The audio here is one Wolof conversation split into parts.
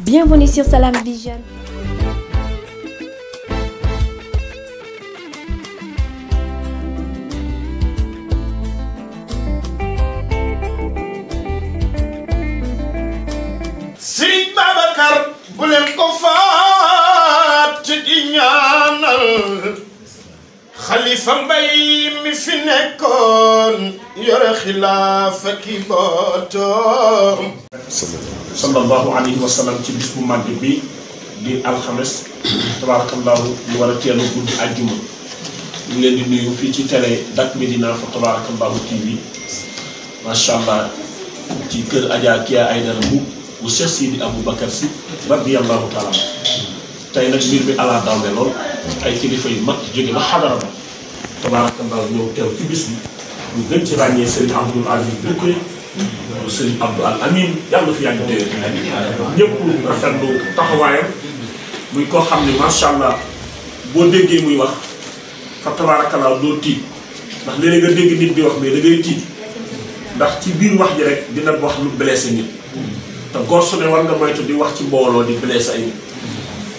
Bienvenue sur Salam Vision. Sëriñ Babacar bu leen ko faat ci di ñaanal xalifa mbay mi fi nekkoon yore xilaafa ki bootoom sallallahu alayhi wa sallam ci bis bu bi di alxames tabaarakallaahu ñu war a teel guddi àjjuma ñu leen di nuyu fii ci télé Dak Médina fa tabaarakallaahu TV macha allah ci kër Adja Kya Aydara bu bu Cheikh Sidi Aboubacar si radiyallaahu taala tey nag mbir bi ala dawle lool ay kilifa yu mag jóge ba xadara ba tabaarakallaahu ñëw teew ci bis bi ñu ci ràññee Serigne Abdoul Aziz Boukoye sëñ Abdou Al Amin yàlla fi yàgg tey ñëpp rafetlu taxawaayam muy koo xam ne macha allah boo déggee muy wax fa tabaarakallaa doo tiit ndax léeg-léeg nga dégg nit di wax mais da tiit ndax ci biir wax ji rek dina wax lu blessé nit te góor su ne war nga moytu di wax ci mbooloo di blessé ay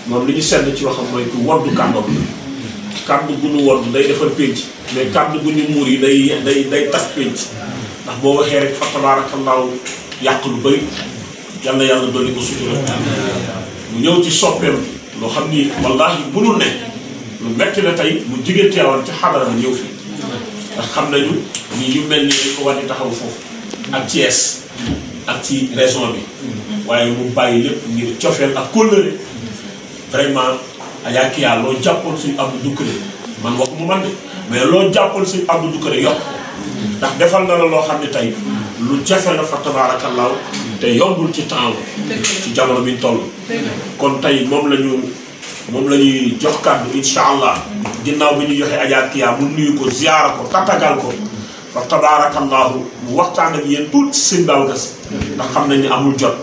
moom li ñu sedd ci waxam mooy ku woddu kàddoom kàddu gu ñu wodd day defar pénc mais kàddu gu ñu muur yi day day day tas pénc ndax boo waxee rek fa tabaarakallaahu yàq lu bëri yàlla yàlla dolli ko sutura mu ñëw ci soppeem loo xam ni wallaahi mënul ne lu metti la tey mu jigéen teewoon ci xadara mu ñëw fi ndax xam nañu ni yu mel ni dañ ko war di taxaw foofu ak ci Thiès ak ci région bi waaye mu bàyyi lépp ngir cofeel ak kóllëre vraiment ayaa ki yaa loo jàppoon suñu Abdou Doucouré man waxuma man de mais loo jàppoon si Abdou Doucouré yokk ndax defal nga la loo xam ne tey lu jafe la fa tabaarakallaahu te yombul ci temps ci jamono bi ñu kon tey moom la ñu moom la jox kàddu insha allah ginnaaw bi ñu joxe Adja Kya mu nuyu ko ziyaara ko tatagal ko fa tabaarakallaahu mu waxtaan ak yéen tuuti sëñ Babacar Si ndax xam nañ ni amul jot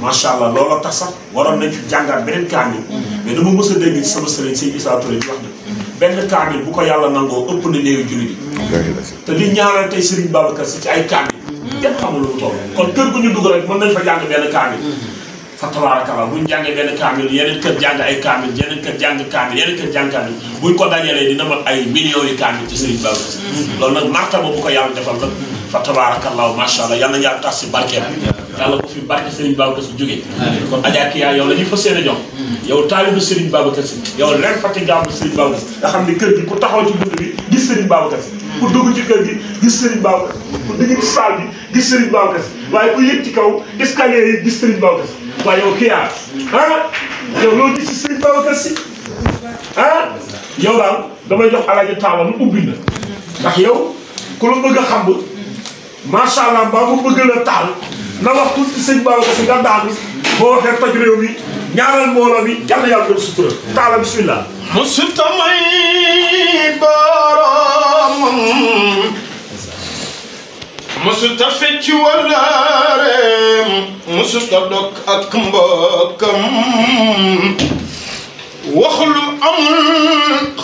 macha allah looloo tax sax waroon nañ ci jàngat beneen kaamil mais dama mës a dégg sama sëriñ sëñ Issa Touré di wax ne benn kaamil bu ko yàlla nangoo ëpp na néewi te di ñaanal tey Serigne Babacar si ci ay kaamil. kenn xamul lu mu toll. kon kër gu ñu dugg rek mën nañ fa jàng benn kaamil. fa tabaarakalla bu ñu benn kaamil yeneen kër jàng ay kaamil yeneen kër jàng kaamil yeneen ko dajalee dina mat ay millions yi kaamil ci Serigne Babacar si. loolu nag martaba bu ko yàlla defal nag. fa tabaarakallaahu fi barke Serigne Babacar si jógee. kon Adja Kiya yow la ñuy fas yéene jox. yow taalibu Serigne Babacar si. yow leen fatigaabu Serigne Babacar si kër si ku dugg ci kër gi gis Serigne Babacar ku dugg ci saal bi gis Serigne Babacar waaye ku yëg ci kaw escalier yi gis Serigne Babacar waaye ah yow loo gis si Serigne Babacar ah yow daal damay jox alaaji taala mu yow ku la bëgg taal. na wax tuuti sëñ Babacar si gàndaar bi boo waxee toj réew mi ñaanal wax lu amul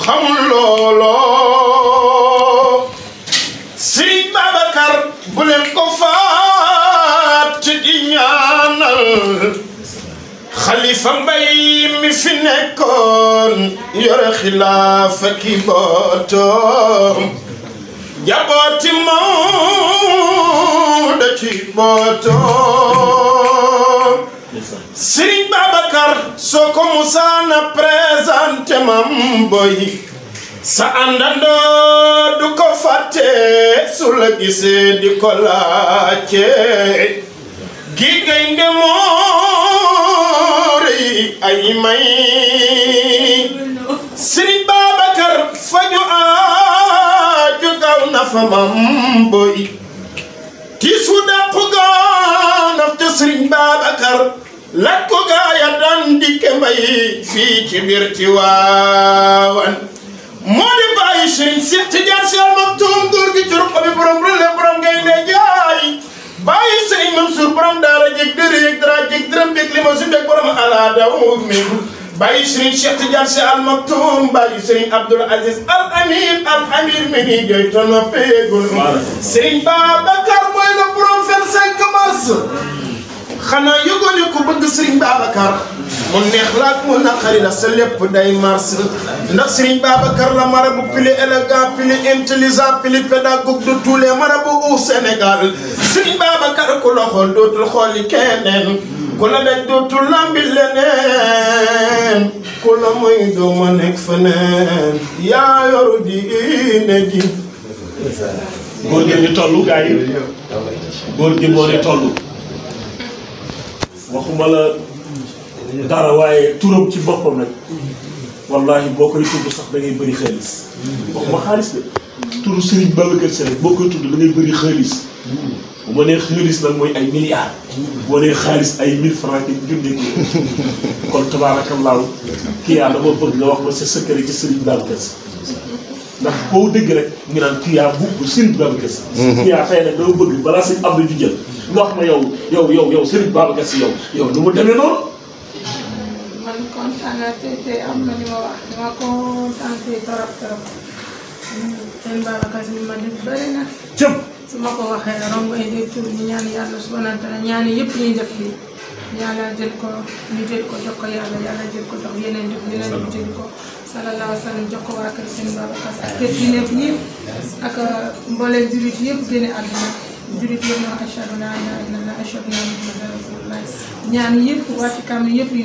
xamul looloo xalifa mbay mi fi nekkoon yore xilaafa ki bootoom jabooti moom da ci bootoom Serigne Babacar soo ko musaana présenté mam boy sa àndandoo du ko fàtte su la gisee di ko laajte gi gaynde moo ay may sëriñ Babacar faju aaju gaw na fa mam boy ti su dàqu gaanaf te sëriñ Babacar lakko gaaya daan dikke mbay fii ci biir ci waawan moo di bàyyi sëriñ Seex Tijaan Si Al Maktuum góor gi juróom gaynde ja bàyyi sëriñ Mansour borom daara jég dëre yëg dara jég dërëm li ma si bég borom ala daw mi bàyyi sëriñ Cheikh Tidiane Sy Al Maktoum bàyyi sëriñ Abdoul Aziz Al Amin Al Amin mi ngi jooy tono péegul sëriñ Babacar mooy le prophète 5 mars xanaa yëgoon ne ku bëgg Serigne Babacar mu neex la ak naqari la sa lépp day mars ndax Serigne Babacar la marabout plus élégant plus intelligent plus pédagogue de tous les marabouts au Sénégal Serigne Babacar ku la xool dootul xooli keneen ku la daj dootul lambi leneen ku la muy dooma nekk feneen yaa yoru diine ji góor gi ñu toll gars yi góor gi moo waxuma la dara waaye turam ci boppam nag wallahi boo koy tudd sax da ngay bëri xaalis waxuma xaalis de turu Serigne Babacar Sy rek boo koy tudd da ngay bëri xaalis bu ma nee xaalis nag mooy ay milliards boo nee xaalis ay mille francs yi junni kon tabaarakallaahu kii yaa dama bëgg nga wax ma sa secret ci Serigne Babacar Sy ndax koo dégg rek ngi naan kii yaa bu Serigne Babacar Sy mhm. kii yaa tey nag dama bëgg balaa sëñ Abdou ju jël nga wax ma yow yow yow yow Serigne Babacar Sy yow yow nu mu demee noonu. man kontaan naa te te am na li ma wax dama kontaan te trop trop. seen Babacar Sy ma def bëri na. jëm su ma ko waxee romb ay des tur ñu ñaan yàlla subhanahu wa taala ñaan yëpp ñu def lii. yàlla jël ko ñu jël ko jox ko yàlla yàlla jël ko jox yeneen jox yeneen ñu jël ko sallallahu alayhi wa sallam jox ko waa kër seen Babacar Sy ak kër gi nekk yëpp ak uh, mboolem jurit yëpp génne àdduna jullit yëpp ñoo ashhadu laa ilaaha illallaah ashhadu anna yëpp wàcc kàmm yëpp yu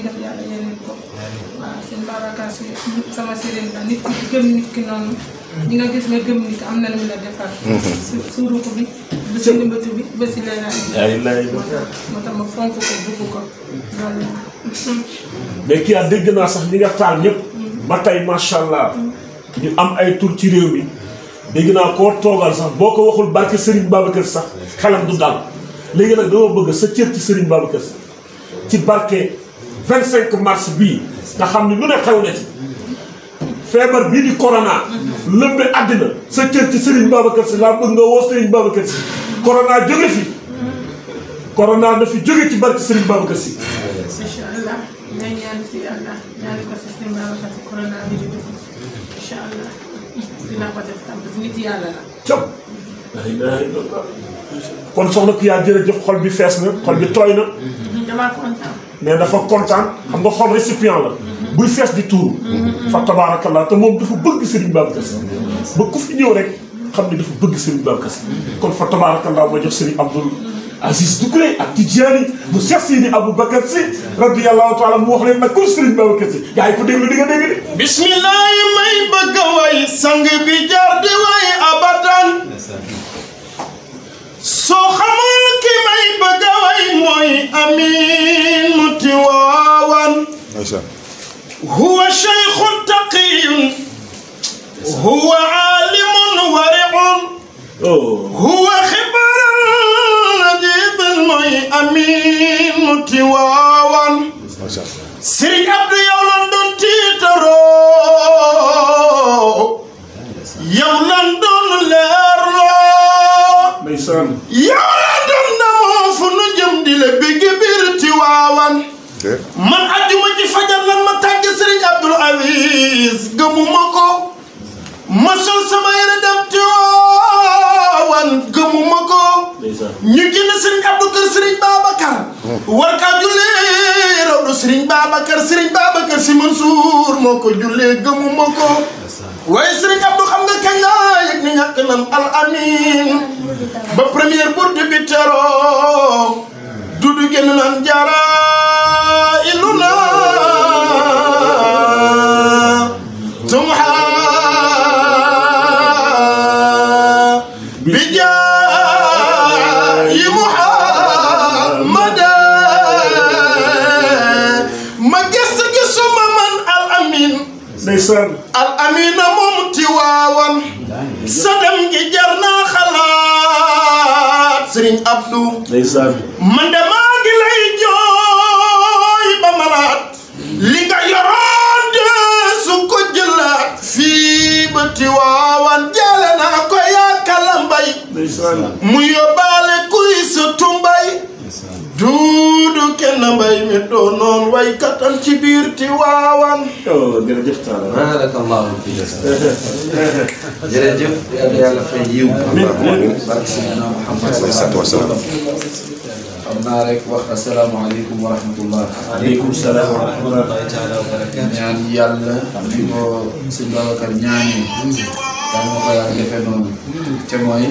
nga gis nit am na lu mu la defar mhm. suruk bi ba si limbatu bi ba si bi moo tax ma fonk ko bëgg ko loolu mais ah, dégg naa sax ñi nga taal ñëpp mhm. ba tey macha allah ñu am ay tur ci réew mi dégg naa koo toogal sax boo ko waxul barke ba Babacar sax xelam du dal léegi nag dama bëgg sa cër ci Serigne Babacar ci barke 25 mars bi nga xam ni lu ne xew na ci feebar bii di corona lëmbe àddina sa cër ci Serigne Babacar si laa bëgg nga woo Serigne Babacar si corona jóge fi corona na fi jóge ci barke Serigne Babacar si. incha allah ngay ñaan si allah ñaan ko si Serigne Babacar si corona bi di dugg incha allah. dinaa ko def tam parce que nit soxna ki yaa jërëjëf xol bi fees na xol bi tooy na. mais dafa kontaan xam nga xol récipient la. buy fees di tuuru. fa tabaarakallah te moom dafa bëgg Serigne Babacar Sy ba ku fi ñëw rek xam ni dafa bëgg Serigne Babacar Sy kon fa tabaarakallah ma jox Serigne Abdoul. Aziz Dukuré ak Tijaani bu Cheikh Sidi Aboubacar Si radiyallahu taala mu wax leen nag ku Sëriñ Babacar Si gaa yi ko déglu di nga dégg de bismillah may bëgg way sang bi jaar di way abadan soo xamal ki may bëgg way mooy amin mu ti waawan huwa cheikhun taqiyun huwa alimun wariun oh. huwa xibaran na jiital mooy amiin mu tiwaawan sëriñ Abdu yow lan doon tiitaroo fu nu jëm di la tiwaawan man ajjuma ci fajar lan ma tàgg Abdul Aziz gëmuma ko ma sol sama tiwaawan man gëmuma ko ñu gën sëriñ Abdou Kër sëriñ Babacar war kaa jullee raw du sëriñ si Mansour moo ko jullee gëmuma ko waaye sëriñ Abdou xam nga kañ la yëg ni ñàkk nan ba première bourde bi dudu génn naan jaara ndeysaan man de maa ngi lay jooy li nga yoroon de su ko jëlaat fii ba Tiwaawan jale naa ko mu yóbbaale kuy tumbay duudu kenn mbay mi doonoon way katam ci biir Tiwaawan oh, jërëjëf jërëjëf yal na yàlla fay yiw. barke Seydina Muhammad sallallahu alayhi wa xam naa rek wax asalaamaaleykum wa rahmatullah. aleykum salaam wa rahmatullah. ñaan yàlla. li ko sëñ Babacar ñaanee. daal ma ko yàlla defee noonu. te mooy.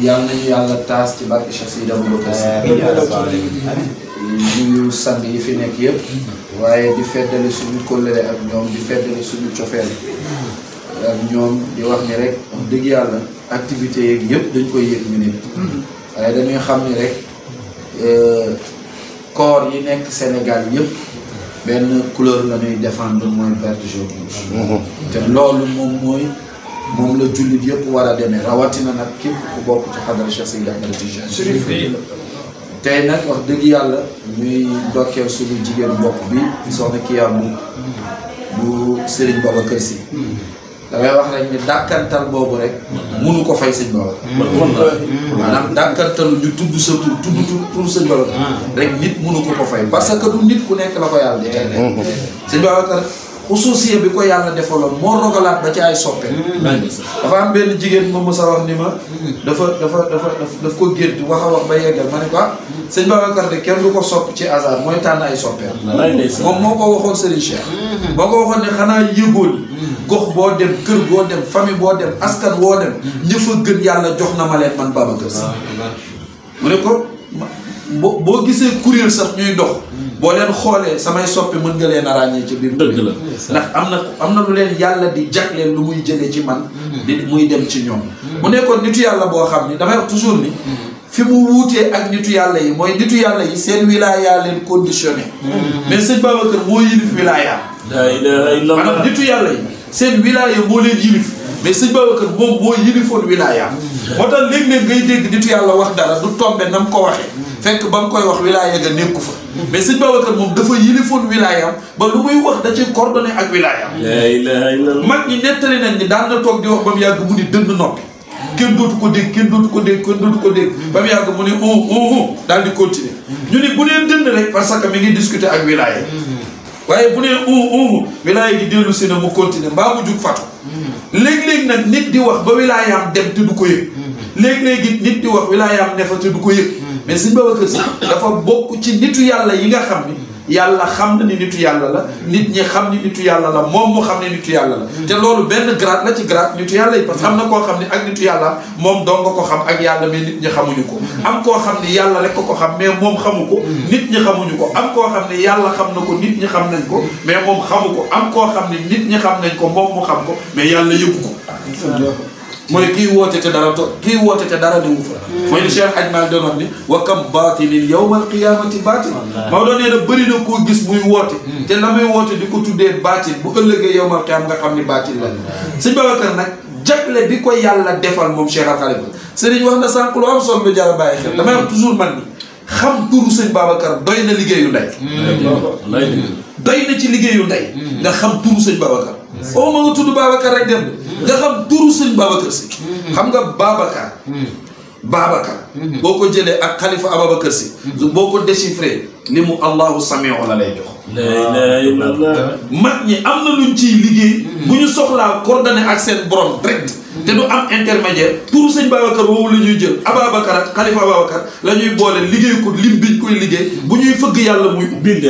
yal nañu yàlla taas ci barke Cheikh Seydi Ababacar Sy. ñu sang yi fi nekk yëpp waaye di feddali suñu kóllëre ak ñoom di feddali suñu cofeel ak ñoom di wax ni rek wax dëgg yàlla activité yëpp dañ koy yëg ñu nit waaye dañuy xam ni rek euh, corps yi nekk Sénégal yëpp benn couleur la ñuy défendre mooy vert jaune rouge mhm. te loolu moom mooy moom la jullit yëpp war a demee rawatina nag képp bokk ci xadara Cheikh Seydi Ahmed tey nag wax dëgg yàlla ñuy ndokkeel suñu jigéen bopp bi soxna Kiya bu bu Serigne Babacar Sy damay wax rek ni dàkkantal boobu rek. munu ko fay sëñ Babacar. Mm. mën mm. maanaam dàkkantalu ñu tudd sa tur tudd tur tur sëñ mm. rek nit munu ko ko fay parce ku nekk la ko yàlla bi ko yàlla defaloon moo rogalaat ba ci ay soppe. dafa jigéen moom mos a wax ni ma. dafa dafa dafa daf ko gént wax a wax ba yeggal ma ne ko ah, sëñ Babacar de kenn du ko sopp ci hasard mooy tànn ay soppeer moom moo ko waxoon Serigne Cheikh mm-hmm. boo ko waxoon ne xanaa yëgoon mm-hmm. gox boo dem kër boo dem famille boo dem askan woo dem mm-hmm. ña fa gën yàlla jox na ma leen man Babacar si mu ne ko boo boo gisee kuréel sax ñuy dox boo leen xoolee samay soppi mën nga leen a ràññee ci biir dëgg la ndax am na am na lu leen yàlla di jagleel lu muy jëlee ci man di muy dem ci ñoom mu nekkoon nitu yàlla boo xam ni damay wax toujours fi mu wuutee ak nitu yàlla yi mooy nitu yàlla yi seen wilaaya leen conditionné mm-hmm. mais sëñ Babacar moo yilif wilaaya maanaam nitu yàlla yi seen wilaaya moo leen yilif mais sëñ Babacar moom moo yilifoon wilaaya mm-hmm. moo tax léeg-léeg ngay dégg nitu yàlla wax dara du tombe na mu ko waxee mm-hmm. fekk ba mu koy wax wilaaya ga nekku fa mais sëñ Babacar moom dafa yilifoon wilaayam ba lu muy wax da ci coordonné ak wilaayam mag ñi nettali nañ ni daan na toog di wax ba mu yàgg mu ni dënd noppi kenn dootu ko dégg kenn dootu ko dégg kenn dootu ko dégg ba mu yàgg mu ne on oh, on oh, oh, daal di continuer ñu ne bu nee dënd rek parce que mi ngi discuter ak wilaya waaye bu nee on on wilaya di dellu si ne mu continuer mbaa mu jug fatu léeg-léeg nag nit di wax ba wilayaam dem te du ko yëg léeg-léeg it nit di wax wilayaam ne fa te du ko yëg mais Sëñ Babacar Si dafa bokk ci nitu yàlla yi nga xam ni yàlla xam na ni nitu yàlla la nit ñi xam ni nitu yàlla la moom mu xam ni nitu yàlla la mm. te loolu benn grade la ci grade nitu yàlla yi parce que am na koo xam ni ak nitu yàlla moom dong nga xam ak yàlla mais nit ñi xamuñu ko mm. am koo xam ni yàlla ko ko xam mais moom xamu ko mm. nit ñi xamuñu ko am koo xam ni yàlla xam na ko nit ñi xam nañ ko mais moom xamu ko am koo xam ni nit ñi xam nañ ko moom mu xam ko mais yàlla yëgu ko mooy kii woote te dara to kii woote te dara di wu fa. Hmm. mooy li Cheikh Hadj Malick doon wax ni wa kam baatilin yawmal qiyaamati baatil. Maodo nee na bëri koo gis muy woote. Hmm. te la muy woote di ko tuddee baatil bu ëllëgee yawmal qiyaam nga xam ni baatil la. sëñ Babacar nag jagle bi ko yàlla defal moom Cheikh Al Khalifa sëriñ wax na sànq lu am solo lu jar a bàyyi xel. damay wax toujours man ni xam turu sëñ Babacar doy na liggéeyu ndey. doy na ci liggéeyu ndey. Hmm. nga xam turu sëñ Babacar. oo ma nga tudd Babacar rek dem nga xam turu sëñ Babacar si mhm. xam nga Babacar mhm. Babacar mhm. boo ko jëlee ak xalifa Ababacar si boo ko déchiffré ni mu allahu samiu la lay jox mag ñi am na luñ ci liggéey bu ñu soxlaa coordonné ak seen borom direct te du am intermédiaire pour sëñ Babacar woowu la ñuy jël Ababacar ak xalifa Ababacar la ñuy boole liggéey ko lim biñ koy liggéey bu ñuy fëgg yàlla muy ubbi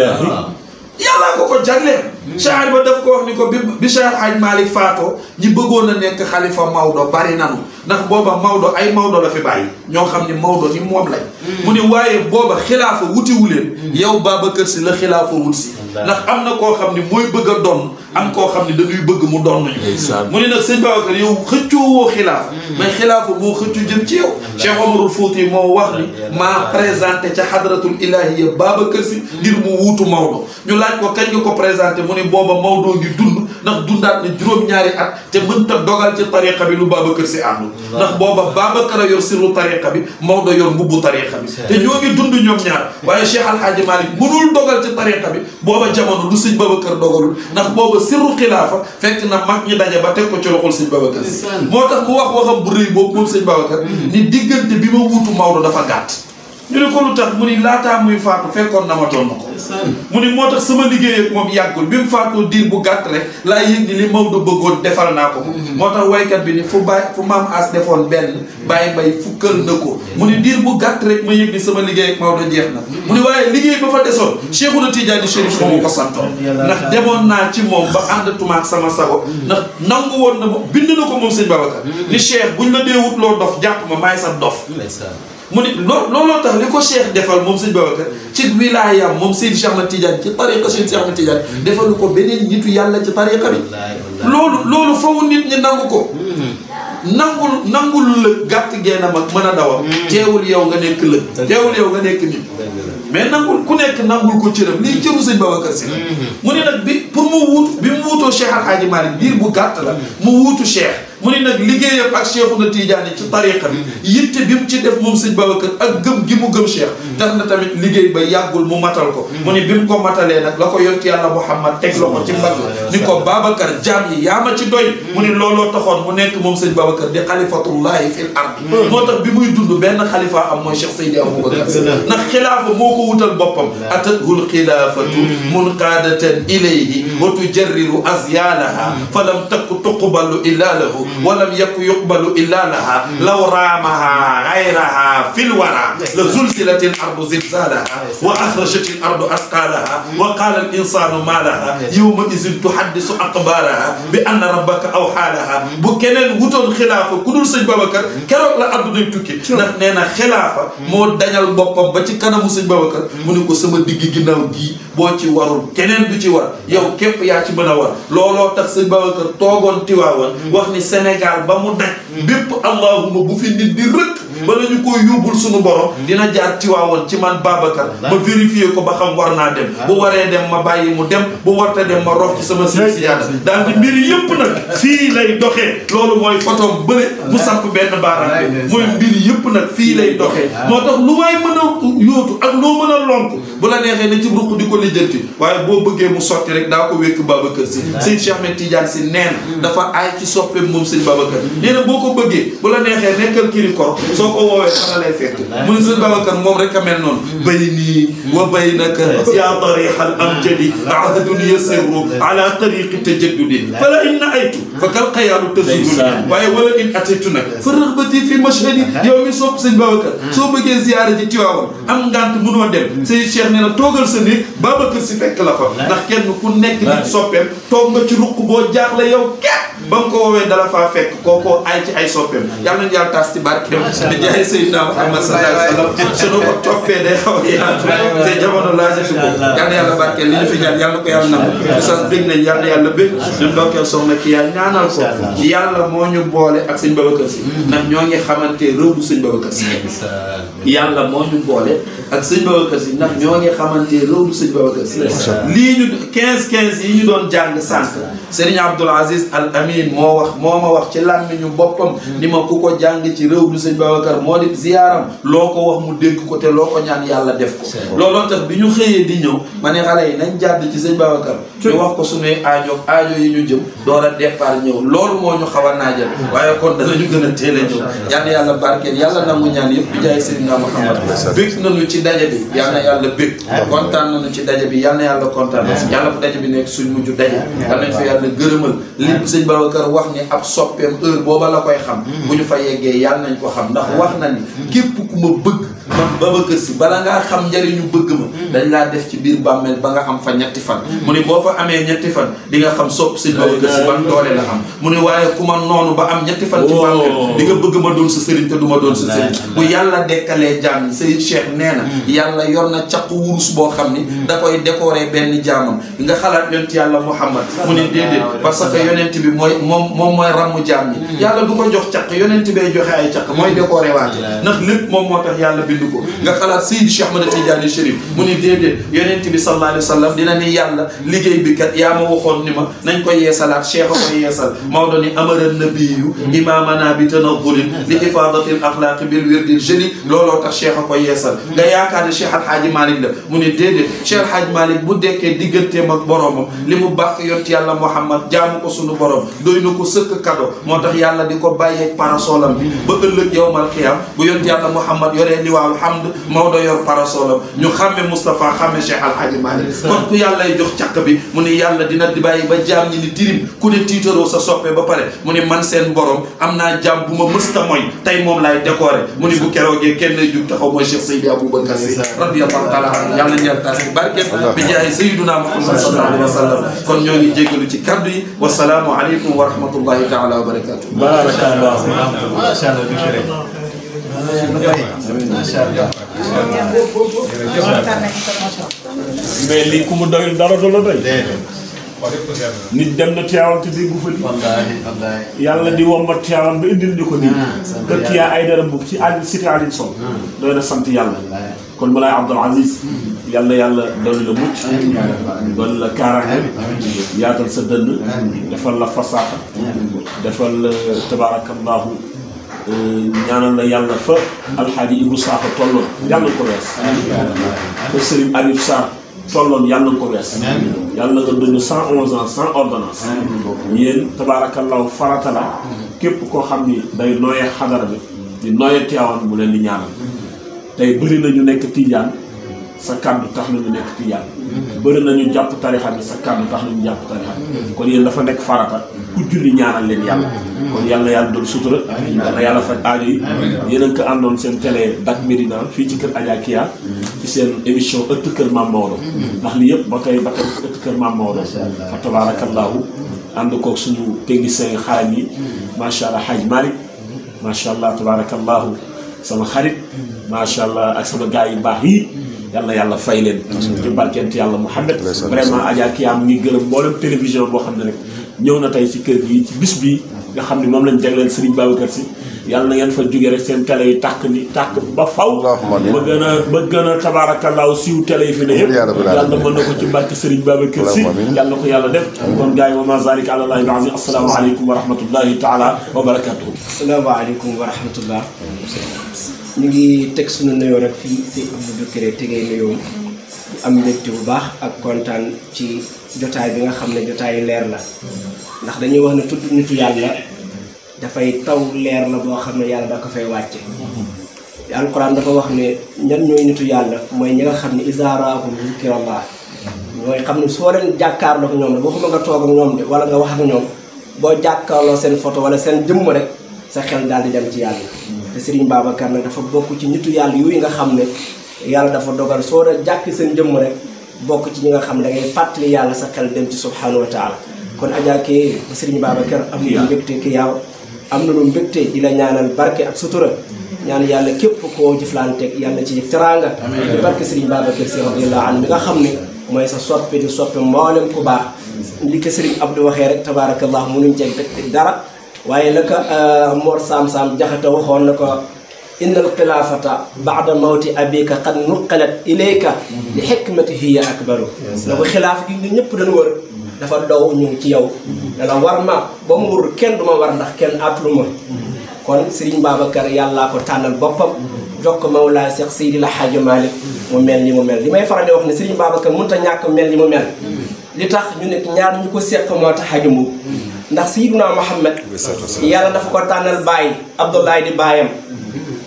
yàllaa ko ko jagleel shaari ba daf ko wax ni ko bi bi Cheikh Hadj Malick faatoo ñi bëggoon a nekk xalifa Maodo bari nanu ndax booba Maodo ay Maodo la fi bàyyi ñoo xam ni Maodo ni moom lañ mm. mu ne waaye booba xilaafa wutiwu leen mm. yow kër si la xilaafa wut si ndax am na koo xam ni mooy bëgg a donn am koo xam ni dañuy bëgg mu donn ñu mu ne nag sëñ Babacar yow xëccoowoo xilaaf hmm. mais xilaafa boo xëccu jëm ci yow Cheikh Omarul yi moo wax ni maa présenté ca xadratul ilahia Babacar si ngir mu wuutu Maodo ñu laaj ko kañ nga ko présenté mu ne booba Maodo ngi dund ndax dundaat na juróom-ñaari at te mënta dogal ci tariqa bi lu Babacar si àndul ndax booba Babacar a yor sirru tariqa bi Maodo yor mbubbu tariqa bi te ñoo ngi dund ñoom ñaar waaye Cheikh Alhaaji Malick mënul booba jamono lu sëñ Babacar dogalul ndax booba sirru xilaafa fekk na mag ñi daje ba teg ko ci loxol sëñ Babacar moo tax mu wax waxam bu rëy boobu moom sëñ Babacar mm-hmm. ni diggante bi ma wuutu Maodo dafa gàtt ñu ne ko lu tax mu ni laataa muy faatu fekkoon na ma doon mu ni moo tax sama liggéey ak moom yàggul bi mu faatoo diir bu gàtt rek laa yëg ni li Maodo bëggoon defal naa ko. Mm-hmm. moo tax waykat bi ni fu baay fu maam as defoon benn baay mbay fukkal na ko. mu ni diir bu gàtt rek ma yëg ni sama liggéey ak Maodo jeex na. mu ni waaye liggéey ba fa desoon. Cheikhouna Tidiane Chérif moomu ko santoon. ndax demoon naa ci moom ba àndatumaak sama sago. Mm-hmm. ndax nangu woon na ma bind na ko moom sëñ Babacar. Mm-hmm. ni bu buñ la dee wut loo dof jàpp ma maay sa dof mu ni loolu looloo tax li ko Cheikh defal moom sëñ Babacar ci wilaayam moom sëñ Cheikh Ahmad Tidiane ci tariqa sëñ Cheikh Ahmad Tidiane defalu ko beneen nitu yàlla ci tariqa bi loolu loolu fawu nit ñi nangu ko hmm. nangul nangul lëg gàtt geenam ak mën a dawam hmm. teewul yow nga nekk lëg teewul yow nga nekk nit mais nangul ku nekk nangul ko cëram lii cëru sëñ Babacar Si hmm. mu ne nag bi pour mu wuut bi mu wuutoo Cheikh Alhaji biir bu gàtt la mu wutu Cheikh mu ni nag liggéeyam ak Cheikhouna Tidiane ci tariqa bi yitte bi mu ci def moom sëñ Babacar ak gëm gi mu gëm Cheikh tax na tamit liggéey ba yàggul mu matal ko mu ni bi mu ko matalee nag la ko yonti yàlla Mouhamad teg la ko ci mbagg ni ko Babacar jaam yi yaa ma ci doy mu ni looloo taxoon mu nekk moom sëñ Babacar di xalifatullahi fil ard moo tax bi muy dund benn xalifa am mooy Cheikh Seydi Aboubacar ndax xilaafa moo ko wutal boppam atathul xilaafatu mm. munqaadatan ilayhi wa tujarriru azyalaha mm. fa lam takku tuqbalu illa lahu walam yakun yuqbalu illa laha law raamaha gayraha fil wara la zulzilatil ardu zilzalaha wa akhrajatil ardu asqalaha wa qala al insanu ma laha yawma idhin tuhaddisu akhbaraha bi anna rabbaka awha laha bu keneen wutoon xilaafa ku dul sëñ Babacar keroog la addunay tukki ndax nee na xilaafa moo dañal boppam ba ci kanamu sëñ Babacar mu ne ko sama digg ginnaaw gii boo ci warul keneen du ci war yow képp yaa ci mën a war looloo tax sëñ Babacar toogoon tiwaawoon wax ni Sénégal ba mu daj bépp allahuma bu fi nit di rëkk bala ñu koy yóbbul suñu borom dina jaar Tiwaawoon ci man Babacar ma vérifier ko ba xam war naa dem bu waree dem ma bàyyi mu dem bu warta dem ma rof ci sama sëñ si daal di mbir yëpp nag fii lay doxee loolu mooy photo bële bu samp benn baaraam bi mooy mbir yëpp nag fii lay doxee moo tax lu waay mën a yóotu ak loo mën a lonk bu la neexee na ci ruq di ko lijjanti waaye boo bëggee mu sotti rek daa ko wékk Babacar si sëñ Cheikh Ahmed si neen mm. dafa sëñ Babacar nee na boo ko bëggee bu la neexee nekkal kiri kor soo ko woowee xana lay fekk ah. mu ne sëñ Babacar moom rek a mel noonu hmm. bay nii wa bay naka hmm. yaa tarixal hmm. amjadi ahadun yasiru ala tariqi tajaddudi fala in naaytu fa kal xayaalu tasuduni waaye wala in ataytu nag fa rëxbati fi mashhadi yow mi sopp sëñ Babacar soo bëggee ziyaara ji Tiwaawan am ngant mënoo dem sëñ Cheikh nee na toogal sa néeg Babacar si fekk la fa ndax kenn ku nekk nit soppeem toog nga ci ruq boo jaaxle yow ket ba nga ko woowee dala faa fekk kookoo ay ci ay soppeem yàlla nañu yàlla tas ci barkeem di jaay Seydina Muhammad sallallahu alayhi wa a yaatu te jamono laajatu moo ñu boole ak sëñ Babacar Si ñoo ngi xamante réew Si yàlla moo ñu boole ak sëñ Babacar Si mm. ndax ñoo ngi xamante réew bu Si lii ñu 15 yi ñu doon jàng Aziz Al Amin moo wax moo ma wax ci mm. ko jàng ci réew mi sëñ loo ko mu dégg ko te loo ko ñaan yàlla def ko looloo tax bi ñu di ma ne xale yi nañ jàdd ci sëñ Babacar ñu ko suñuy aajo aajo yi ñu jëm door a départ ñëw loolu moo ñu xaw a naajal mm. waaye kon gën a teel a ñëw yal na yàlla barkeel yàlla nangu ñaan yëpp bi jaay Seydina Muhammad na yàlla bég bi yal na yàlla kontaan yàlla bu daje bi nekk suñ mujj daje yal nañ fi yàlla gërëmal li sëñ Babacar wax ni soppeem heure booba la koy xam hmm. bu ñu fa yeggee yàlla nañ koo xam ndax hmm. wax na ni hmm. képp ku ma bëgg ba Babacar Sy bala ngaa xam njariñu bëgg ma mm. dañ laa def ci biir bàmmeel ba nga am fa ñetti fan mm. mu ni boo fa amee ñetti fan di nga xam sopp si Babacar Sy ban doole la am mu ni waaye ku noonu ba am ñetti fan ci di nga bëgg ma doon sa sëriñ te du doon si sëriñ bu yàlla dekkalee jaam sëriñ Cheikh nee na mm. yàlla yor na caq wurus boo xam ni da koy décorer benn jaamam nga xalaat yonent yàlla Muhammad mu ni déedéet parce que yonent bi mooy moom moom mooy ràmmu jaam yi yàlla du ko jox caq yonent bee joxe ay caq mooy moo tax bind ko xalaat Seydi Cheikh Ahmad Tidiane Chérif mu ni déedéet yonent bi sallallahu alayhi wa sallam dina ni yàlla liggéey bi kat yaa ma waxoon ni ma nañ ko yeesalaat cheikh a ko yeesal Maodo ni amara nabiyu imamana bi tanazulin li ifadatil axlaaqi bil wirdil jëli looloo tax a ko yeesal nga yaakaar ne Cheikh Alhaaji la mu ni déedéet Cheikh Alhaaji Malick bu dekkee digganteem ak boromam li mu bàq yont yàlla Muhammad jaamu ko sunu borom doy na ko sëkk kado moo tax yàlla di ko ba ëllëg yowmal xiyaam bu yont yàlla Muhammad alhamd Maodo yor parasolam ñu xàmme Moustapha xàmme Cheikh Al Hadji Malick kon ku yàllay jox caq bi mu ni yàlla dina di bàyyi ba jaam ñi ni tirim ku ne tiitaroo sa soppe ba pare mu ni man seen borom am naa jaam bu ma mësta mooy tey moom laay décoré mu ni bu keroogee kenn jug taxaw mooy Cheikh Seydi Aboubacar Sy radiallahu taala anhu yàlla ñeel taas bi barke bi jaay Seydina Muhammad sallallahu alayhi wa sallam kon ñoo ngi jégalu ci kaddu yi wasalaamu aleykum wa rahmatullahi taala wa barakatuh mais lii ku mu doyul dara du la doy. nit dem na Tiwaawan te déggu fa lii. di wombat Tiwaawan ba indil ñu ko nii. Ah, ah. sant yàlla ay ah. dara bu ci àll sant yàlla. kon Moulay Abdoul Aziz. Hmm. yàlla yàlla doon la mucc. doon yaatal sa dënn. defal la fasaaxa. defal la euh, tabaarakallaahu Eh, ñaanal la yàlla fa alxaaji Ibou Sakho tolloon yàlla ko wees fa Serigne Alif Sarr tolloon yàlla ko wees yàlla nga dund cent onze ans sans ordonnance yéen tabaarakallahu farata la képp koo xam ni day nooyee xadara bi di nooyee teewaan mu leen di ñaanal tey bëri na nekk Tidiane sa kàddu tax na nekk Tidiane bëri nañu jàpp tarixa bi sa kàddu tax nañu jàpp tarixa bi kon yéen dafa nekk farata ku julli ñaanal leen yàlla kon yàlla yàlla doon sutura yàlla yàlla faj aajo yi yéen a ngi ko àndoon seen télé Dak Médina fii ci kër Adja Kia ci seen émission ëtt kër Mame Maodo ndax li yëpp ba tey ba tey ëtt kër Mame Maodo fa tabaarakallaahu ànd koog suñu technicien xaaral yi macha allah Hadj Malick macha allah tabaarakallaahu sama xarit mm. macha ak sama gars yu baax yi yàlla yàlla fay leen ci barkent yàlla Mouhamed vraiment Adja Kiam ngi gërëm mboolem télévision boo xam ne rek ñëw na tey si kër gi ci bis bi nga xam ne moom lañ jagleel Serigne Babacar Sy yàlla na ngeen fa jóge rek seen télé yi tàkk ni tàkk ba faw ba gën a ba gën a tabaarakallaahu siiw télé yi fi ne yëpp yàlla mën na ko ci barke Serigne Babacar Sy yàlla na ko yàlla def kon gars yi wa ma zalika ala llahi bi aziz asalaamaaleykum wa rahmatullahi taala wa barakatuhu asalaamaaleykum wa rahmatullah ñu ngi teg suñu nuyoo rek fii si Abdou Doucouré tegee nuyoom am mbégte bu baax ak kontaan ci jotaay bi nga xam ne jotaay leer la ndax dañuy wax ne tudd nitu yàlla dafay taw leer la boo xam ne yàlla da ko fay wàcce alquran dafa wax ne ñan ñooy nitu yàlla mooy ñi nga xam ne isaaraahum zikrallah mooy xam ne soo leen jàkkaarloo ak ñoom ne rek waxuma nga toog ak ñoom de wala nga wax ak ñoom boo jàkkaarloo seen photo wala seen jëmm rek sa xel daal di dem ci yàlla te Serigne Babacar nag dafa bokk ci nitu yàlla yooyu nga xam ne yàlla dafa dogal soo da jàkk seen jëmm rek bokk ci ñi nga xam da ngay fàttali yàlla sa xel dem ci subhanahu wa taala kon Adja Keye ba Serigne Babacar am na mbégte ki yaaw am na lu mbégte di la ñaanal barke ak sutura ñaan yàlla képp ko jëflanteeg yàlla ci teraanga di barke Serigne Babacar Sy radiyallahu anhu bi nga xam ne mooy sa soppe di soppe mboolem ku li ko Serigne Abdou waxee rek tabaarakallah mënuñ ceeg dara waaye la ko euh, Mor Sam Sam Jaxate waxoon na ko innal xilaafata baada mawti abika qad nuqalat ilayka li xikmati hiya akbaru na ko xilaaf gi ñu ñëpp dañu wër dafa dow ñu ci yow dala war ma ba mu kenn du ma war ndax kenn àttulu ma kon Serigne Babacar yàllaa ko tànnal boppam jox ko Mawlaay Cheikh Seydi La Hadji Malick mu mel ni mu mel li may faral di wax ne Serigne Babacar mënut a ñàkk mel ni mu mel li tax ñu ne ñaar ñu ko seq moo tax a jumbu ndax sayyiduna Muhammad yàlla dafa ko tànnal baay Abdoulaye di bàyyam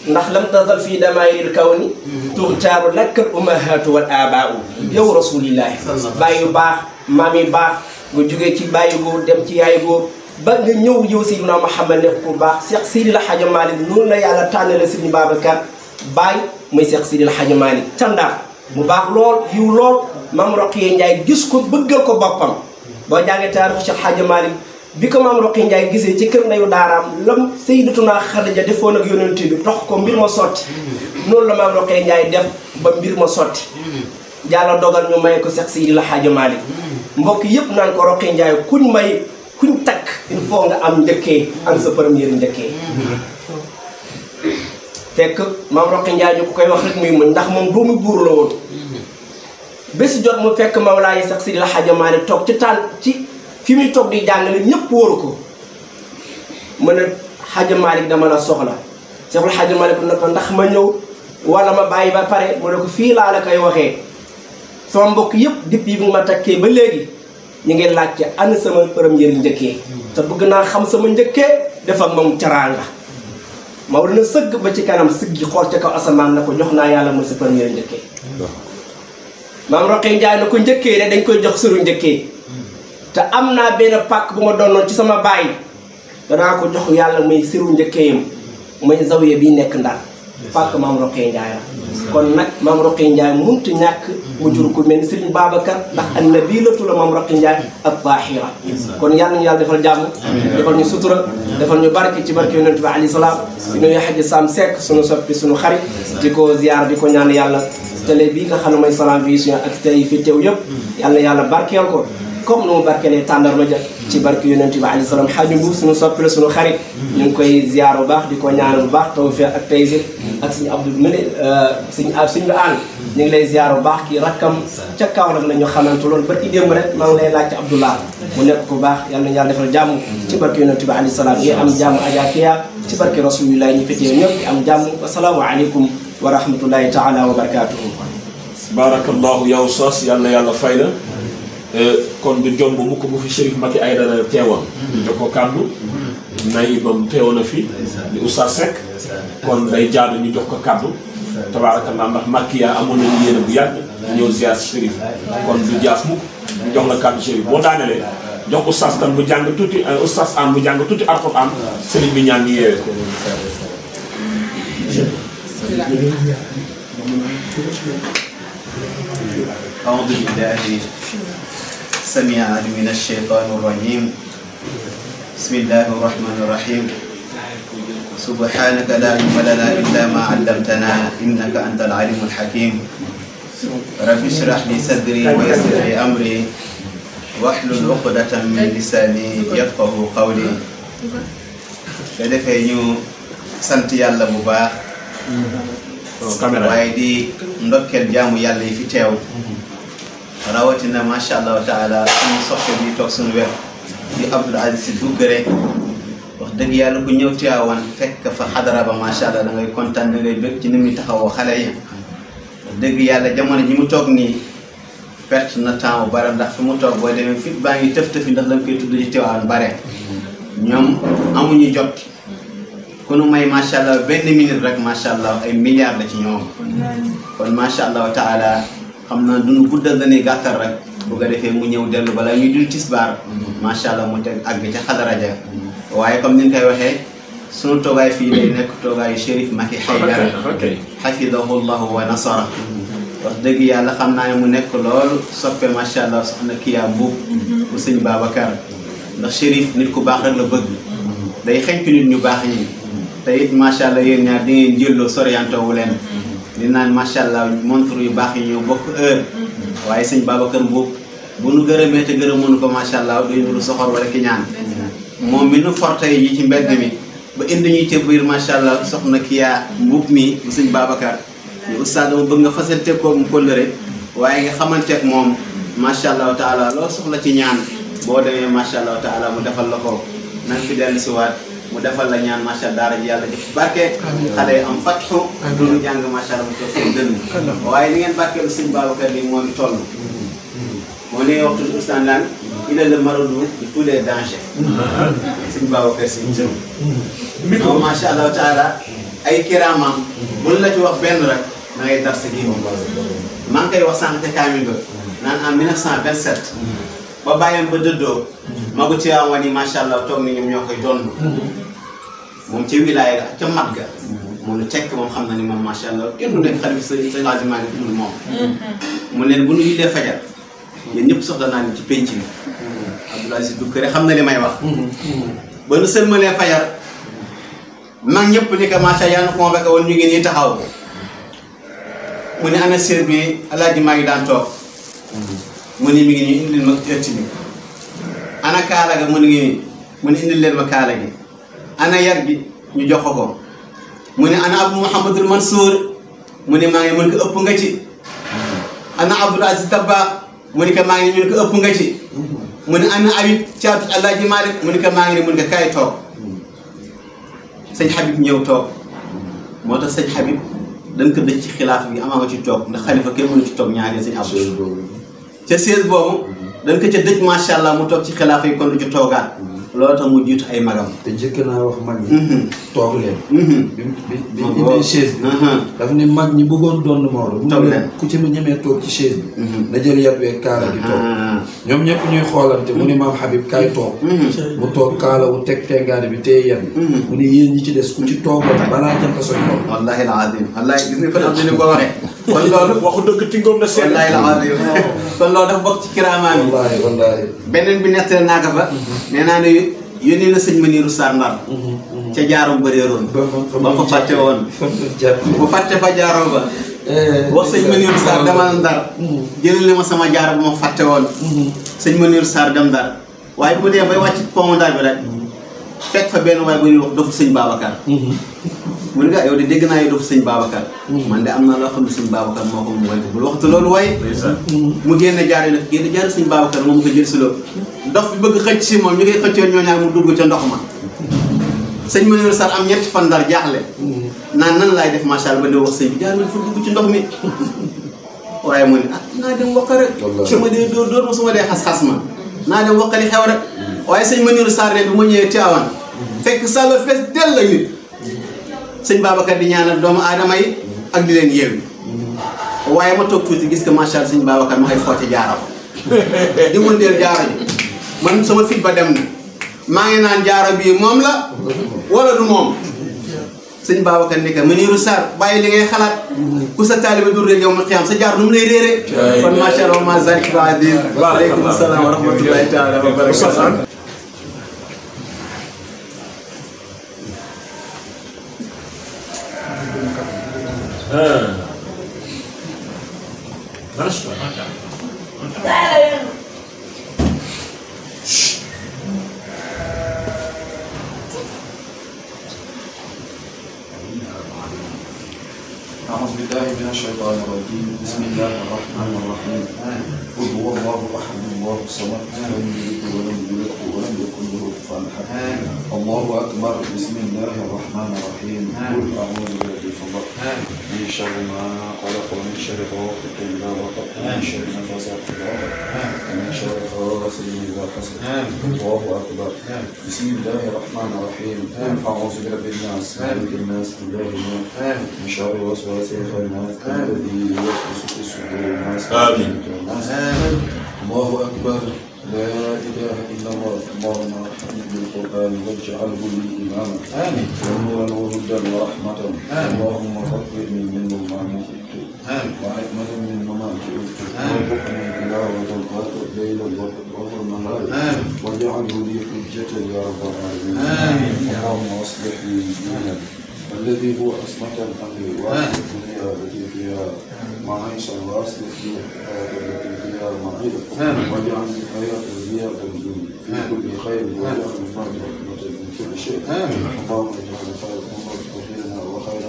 ndax lam tazal fii damaayil kawni tuxtaaru lakkal ummahatu wal abaau yow rasulillahi bàyyi yu baax maam yu baax nga jógee ci bàyyi góor dem ci yaay góor ba nga ñëw yow sayyiduna Muhammad nekk ku baax Cheikh Sidi El Hadj Malick noonu la yàlla tànnale Sëriñ Babacar bàyyi muy Cheikh Sidi El Hadj Malick candaar mu baax lool yiw lool maam Roqiya Njaay gis ko bëggal ko boppam boo jàngee taarixu Cheikh bi ko maam Roqi Njaay gisee ci kër ndeyu daaraam lam Sayyidatuna Xadija defoon ak yonent bi tox ko mbir ma sotti noonu la maam Roqi def ba mbir ma sotti Yàlla dogal ñu may ko Seex Seydi El Hadji Malick mbokk yëpp naan ko Roqi Njaay kuñ may kuñ takk il faut nga am njëkkee am sa première njëkkee fekk maam Roqi Njaay ko koy wax rek muy muñ ndax moom doomu buur la woon bés jot mu fekk Mawlaay Seex si El Hadji Malick toog ci tànn ci fi muy toog di jàngale ñëpp wóoru ko mu ne xaja Malick dama la soxla Seexul Xaja Malick ne ko ndax ma ñëw wala ma bàyyi ba pare mu ne ko fii laa la koy waxee sama mbokk yépp depuis bi ma takkee ba léegi ñu ngi laajte ana sama première njëkkee te bëgg naa xam sama njëkkee def ak moom caraanga Maodo na sëgg ba ci kanam gi xool ca kaw asamaan na ko jox naa yàlla mooy sa première njëkkee maam Roqee Njaay na ko njëkkee de dañ koy jox suru njëkkee te am naa benn pàkk bu ma doonoon ci sama baay danaa ko jox yàlla muy siru njëkkeeyam muy zawiya bi nekk ndar pàkk maam Roqee Njaay la kon nag maam Roqee Njaay ti ñàkk mu jur ku mel ni Sëriñ Babacar ndax annabi la tudd maam Roqee Njaay ak Zahira kon yàlla ñu yàlla defal jàmm defal ñu sutura defal ñu barke ci barke yonent bi alayhi salaam di nuyu Xaji Sam Seck suñu soppi suñu xarit di ko ziar di ko ñaan yàlla télé bii nga xam ne mooy Salam Vision ak tey fi teew yëpp yàlla yàlla barkeel ko comme nu mu barkelee tàndarma ja ci barke yonent bi alayhi salaam xaaju bu suñu soppi la xarit ñu ngi koy ziar bu baax di ko ñaanal bu baax tawfiq ak taysir ak suñu abdul mëne suñu euh, suñu lu aan ñu ngi lay ziar bu baax kii rakkam ca kaw nag la ñu xamante loolu ba ci démb ma maa ngi lay laaj ci abdullah mu nekk ku baax yàlla na yàlla defal jàmm ci barke yonent bi alayhi salaam yi am jàmm ajakiya ci barke rasulillah ñu fitee ñëpp am jàmm wasalaamu aleykum wa rahmatullahi taala wa barakatuhu barakallahu yow sos yàlla yàlla fay la Euh, kon du jomb mukk bu fi Chérif Mati Aïdara teewoon Joko mm-hmm. Kàndu mm-hmm. nayibam teewoon na fi di Oustaz Seck kon day jaadu ñu jox ko kàddu tabaarakallah ndax Makiya amoon nañu yéene bu yàgg ñëw ziar Chérif kon du jaas mukk ñu jox la kàddu Chérif boo daanelee jox Oustaz tam bu jàng tuuti euh, Oustaz am bu jàng tuuti Alxuraan sëriñ bi ñaan yeewee سميعا من الشيطان الرجيم بسم الله الرحمن الرحيم سبحانك لا علم لنا إلا ما علمتنا إنك أنت العليم الحكيم رب اشرح لي صدري ويسر لي أمري واحلل عقدة من لساني يفقه قولي da defee ñu sant yàlla bu baax waaye di ndokkeel jaamu yàlla yi fi teew rawatina macha allah taala suñu soppe bi toog suñu wet di Abdoul Aziz Sy Dougaré wax dëgg yàlla ku ñëw Tiwaawan fekk fa xadara ba macha allah da ngay kontaan da ngay bëgg ci ni muy taxawoo xale dëgg yàlla jamono ji mu toog nii perte na temps bu bare ndax fi mu toog booy demee fi baa ngi tëf tëfi ndax lañ koy tudd ci Tiwaawan bare ñoom amuñu jot ku may macha allah benn minute rek macha allah ay milliards la ci ñoom kon macha allah taala. xam na duñu guddal dañuy gàttal rek bu ko defee mu ñëw dellu balaa ñuy dul tisbaar macha allah mu teg àgg ca xadara ja waaye comme ni nga koy waxee sunu toogaay fii lay nekk toogaayu Chérif Macky Haydara xafidahu llahu wa nasara wax dëgg yàlla xam naa mu nekk loolu soppe macha allah soxna Kiya Mbuub bu sëñ Babacar ndax Chérif nit ku baax rek la bëgg day xenc nit ñu baax ñi te it allah yéen ñaar di ngeen jëlloo soriyanto li naan macha allah montre yu baax yi ñoo bokk heure waaye sëñ Babacar Mbuub bu nu gërëmee te gërëmoon ko macha allah duñu lu soxor wala ki ñaan moom mi nu forte yi ci mbedd mi ba indi ñuy ca biir macha allah soxna Kiya Mbuub mi bu sëñ Babacar ñu ustaas dama bëgg nga fasante ko mu kóllëre waaye nga xamante moom macha allah taala loo soxla ci ñaan boo demee macha allah taala mu defal la ko nan fi si waat mu defal la ñaan macha allah daara ji yàlla def barke. xale yi am fatxu. amiin jàng macha allah mu toog dënn. waaye ni ngeen barkeelu suñu Babacar li moo ngi toll. moo ne wax toujours instant naan il est le marabout de tous les dangers. suñu Babacar si jëm. micro bi macha allah taala ay kiraamam. buñ la ci wax benn rek da ngay dar sa kii moom. maa ngi koy wax sànq te kaamil ba naan en 1927. ba bàyyam ba dëddoo magu Tiwaawan yi macha allah toog ni ñoom ñoo koy doon moom ci wilaaya ga ca mat ga moom la tekk moom xam na ni moom macha allah kenn du nekk xalifa sëñ sëñ Hadji Malick mu moom mu leen bu ñëpp soxla naa ci penc bi Abdoul xam na li may wax ba nu sëlmalee fajar mag ñëpp ni ko macha allah convoqué woon ñu ngi nii taxaw mu ne ana sër bi alaaji maa ngi daan toog mu ni mi ngi ñu indil bi ana kaala ga mu ni ngi nii mu leen ma kaala gi ana yar gi ñu jox ko ko mu ni ana abu muhammadul mansuur mu ni maa ngi mun ko ëpp nga ci ana abdul aziz dabba mu ni ko maa ngi mun ko ëpp nga ci mu ni ana abib caatu alaaji maalik mu ni ko maa ngi mun ko kaay toog sëñ Habib ñëw toog moo tax sëñ Habib dañ ko dëj ci xilaaf bi amaa nga ci toog ndax xalifa kenn mënu ci toog ñaareel sëñ Abdou ca sées boobu mhm. dañ ko ca dëj macha allah mu toog ci xilaafa yi kon ci ñu toogaat mhm. loolu tax mu jiitu ay magam te jëkk naa wax mag ñi mhm. toog leen bi bi indee ñi bëggoon doon Maodo toog leen ku ci mu ñemee toog ci chaise bi na jël yat weeg kaala di toog ah. ñoom ñëpp ñuy xoolante mu ni maam Habib kaay toog mu toog kaala wu teg tengaade bi téye yan mu ni yéen ñi ci des ku ci toogoon balaa jant soñ wallahi alazim wallahi gis nga fa am ni ko waxee kon loolu waxu dëgg tingoom na seen. wallaahi la waaw kon dafa bokk ci kiraamaa bi. wallaahi beneen bi nettali naa ko fa. nee naa ne yónnee na sëñ Maniru Sarr Ndar. ca jaaroom bëreeroon. ba fa fàtte woon. bu fàtte fa jaaroo ba. Eh, wax sëñ Maniru Sarr eh, dama Ndar. Eh. jëlale ma sama jaar bu ma fàtte woon. Mm-hmm. sëñ Maniru Sarr dem Ndar waaye bu dee bay wàcc commandant bi rek. fekk fa benn waay bu ñuy wax dofu sëñ Babacar. Mhm. mu ne gaa yow de dégg naa yow dofu sëñ Babacar. Mhm. man de am naa loo xam sëñ Babacar mu way bul waxtu loolu waay. Mhm. mu génne jaare nag génne jaare sëñ moom mu jël si loolu. dof bi bëgg xëcc si moom ñu koy xëccoo ñoo ñaar mu dugg ca ndox ma. sëñ Manioune Sarr am ñetti fan ndar jaaxle. naan nan laay def macha allah ba di wax sëñ bi jaar na fa dugg ci ndox mi. waaye mu ne ah naa dem wax rek. wallaahi ma dee dóor dóor ma su ma dee xas-xas ma naa dem wax li xew rek waaye sëñ Maniour Sarr bi ma ñëwee Tivaouane mm-hmm. fekk salo fees del la nit mm-hmm. sëñ Babacar di ñaanal doomu aadama yi ak di leen yeewi mm-hmm. waaye ma toog tuuti gis que macha allah sëñ Babacar ma ngay foote jaaraw di mun deel jaaro ji man sama fit ba dem na maa ngi naan jaaro bii moom la wala du moom sëñ Babacar ni que Maniour Sarr bàyyi li ngay xalaat ku sa taaliba dur rek yow ma sa jaar nu mu lay réere kon macha allah ma zaki ba adin aleykum salaam wa rahmatullahi taala wa Хорошо. أعوذ بالله من الشيطان الرجيم بسم الله الرحمن الرحيم قل هو الله أحد الله الصمد لم يلد ولم يولد ولم يكن الصالحة الله أكبر بسم الله الرحمن الرحيم قل أعوذ برب الفضل من شر ما خلق ومن شر غوثك إذا وقف ومن شر نفسات ومن شر غاسل إذا حسد الله أكبر بسم الله الرحمن الرحيم قل أعوذ برب الناس ملك الناس إله الناس من شر وسواس الخناس الذي يوسوس في صدور الناس آمين الله أكبر لا إله إلا الله اللهم ارحمني بالقرآن واجعله لي إماما آمين وهو نور الدين ورحمة اللهم فقرني مما نفقت وعلمني مما شئت وارزقني تلاوة القرآن الليل والنهار واجعله لي حجة يا رب العالمين اللهم اصلح لي ديني الذي هو عصمة الأمر واحد الدنيا التي فيها معايشة الوصل التي فيها معيدة واجعل الحياة الدنيا في كل خير واجعل الفرد رحمة من كل شيء اللهم اجعل خير أمة أخيرنا وخير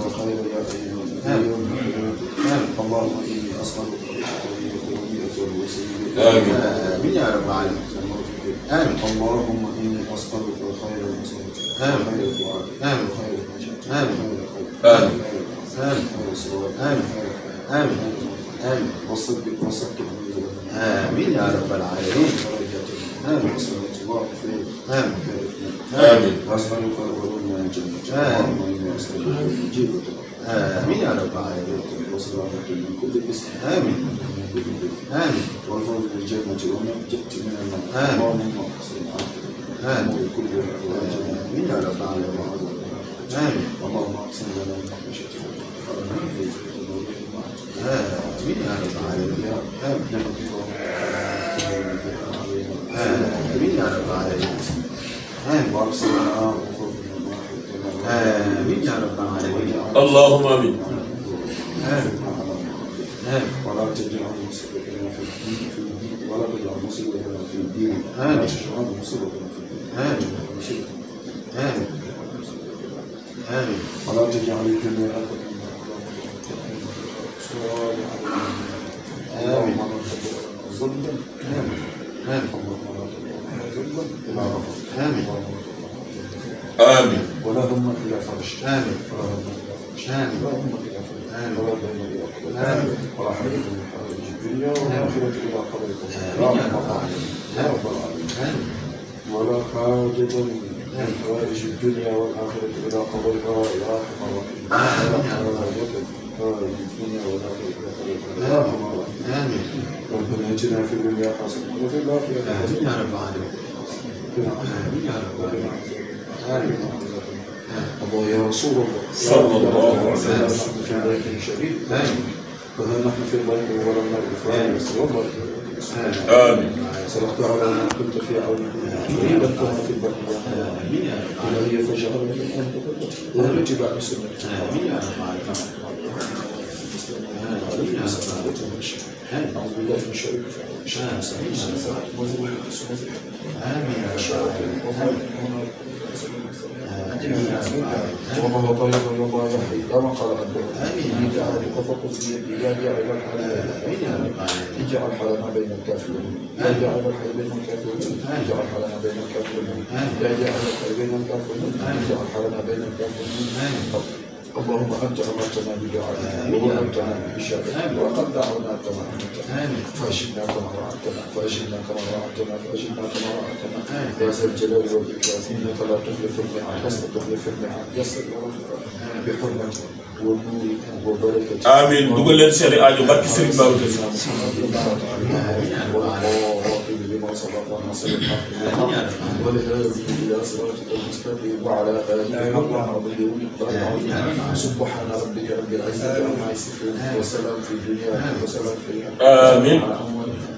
أخيرنا وخير يا أيها اللهم إني أسألك آمين آمين يا رب العالمين آمين اللهم إني أسألك خير المسلمين آمين آمين آمين آمين آمين آمين آمين وصدق وصدق آمين يا رب العالمين آمين صلاة الله عليه آمين آمين أسألك الغنى الجنة آمين وأسألك المجيب آمين يا رب العالمين وسلامة من كل اسم آمين آمين والفضل الجنة وما جئت من النار آمين وحسن عبدك Amin. اللهم اقسم لنا من خشيتك آمين يا رب العالمين آمين يا رب العالمين آمين وأبصر النار آمين يا رب العالمين اللهم آمين ولا تجعل مصيبتنا في الدين ولا تجعل مصيبتنا في الدين ولا تجعل مصيبتنا ولا تجعل الدنيا أكبر آمين ظلما آمين آمين آمين آمين ولا هم إلى فرش آمين ولا هم إلى فرش آمين ولا هم إلى فرش آمين ولا هم إلى فرش آمين ورحمة من حوائج الدنيا والآخرة إلى قدركم يا رب العالمين يا رب العالمين آمين ولا حاجة من حوائج الدنيا والآخرة إلى قبولها يا أرحم الراحمين ولا حاجة من حوائج الدنيا والآخرة إلى قبولها يا أرحم الراحمين ربنا اجعلنا في الدنيا حسنة وفي الآخرة آمين يا رب العالمين آمين يا رب العالمين آمين الله يا رسول الله صلى الله عليه وسلم نحن في ذلك شديد آمين فها نحن في البر ولا النار والسلام عليكم آمين سنخبرنا من كنت في عونك وإنكم في البرية إلهي فاجعلنا من أنت ومن اتباع سنتك آمين أعوذ بالله من شر آمين ومن طلب رضا لم قال أنت وفقد بيدي لا جعل اجعل حلنا بين الكافرين لا جعل الحي بين الكافرين اجعل حلنا بين الكافرين لا جعل الحي بين الكافرين اجعل حلنا بين الكافرين اللهم انت امرتنا بدعائك وامرتنا باشارتك وقد دعونا كما امرتنا فاجبنا كما وعدتنا فاجبنا كما وعدتنا فاجبنا كما وعدتنا يا ذا الجلال والاكرام انك لا تخلف الميعاد لست تخلف الميعاد لست بحرمتك amiin dugal leen seen i aajo barki Serigne Babacar وصدق وسلم والهادي الى صراطك المستقيم وعلى اله حق قدره ومقداره سبحان ربك رب العزه عما يصفون وسلام في الدنيا وسلام في الاخره امين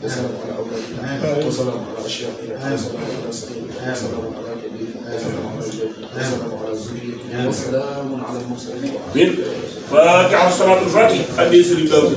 وسلام على اولادنا وسلام على اشياخنا وسلام على سيدنا وسلام على كبيرنا وسلام على جدنا وسلام على زوجنا وسلام على المرسلين فاتحه الصلاه الفاتحه حديث الدوله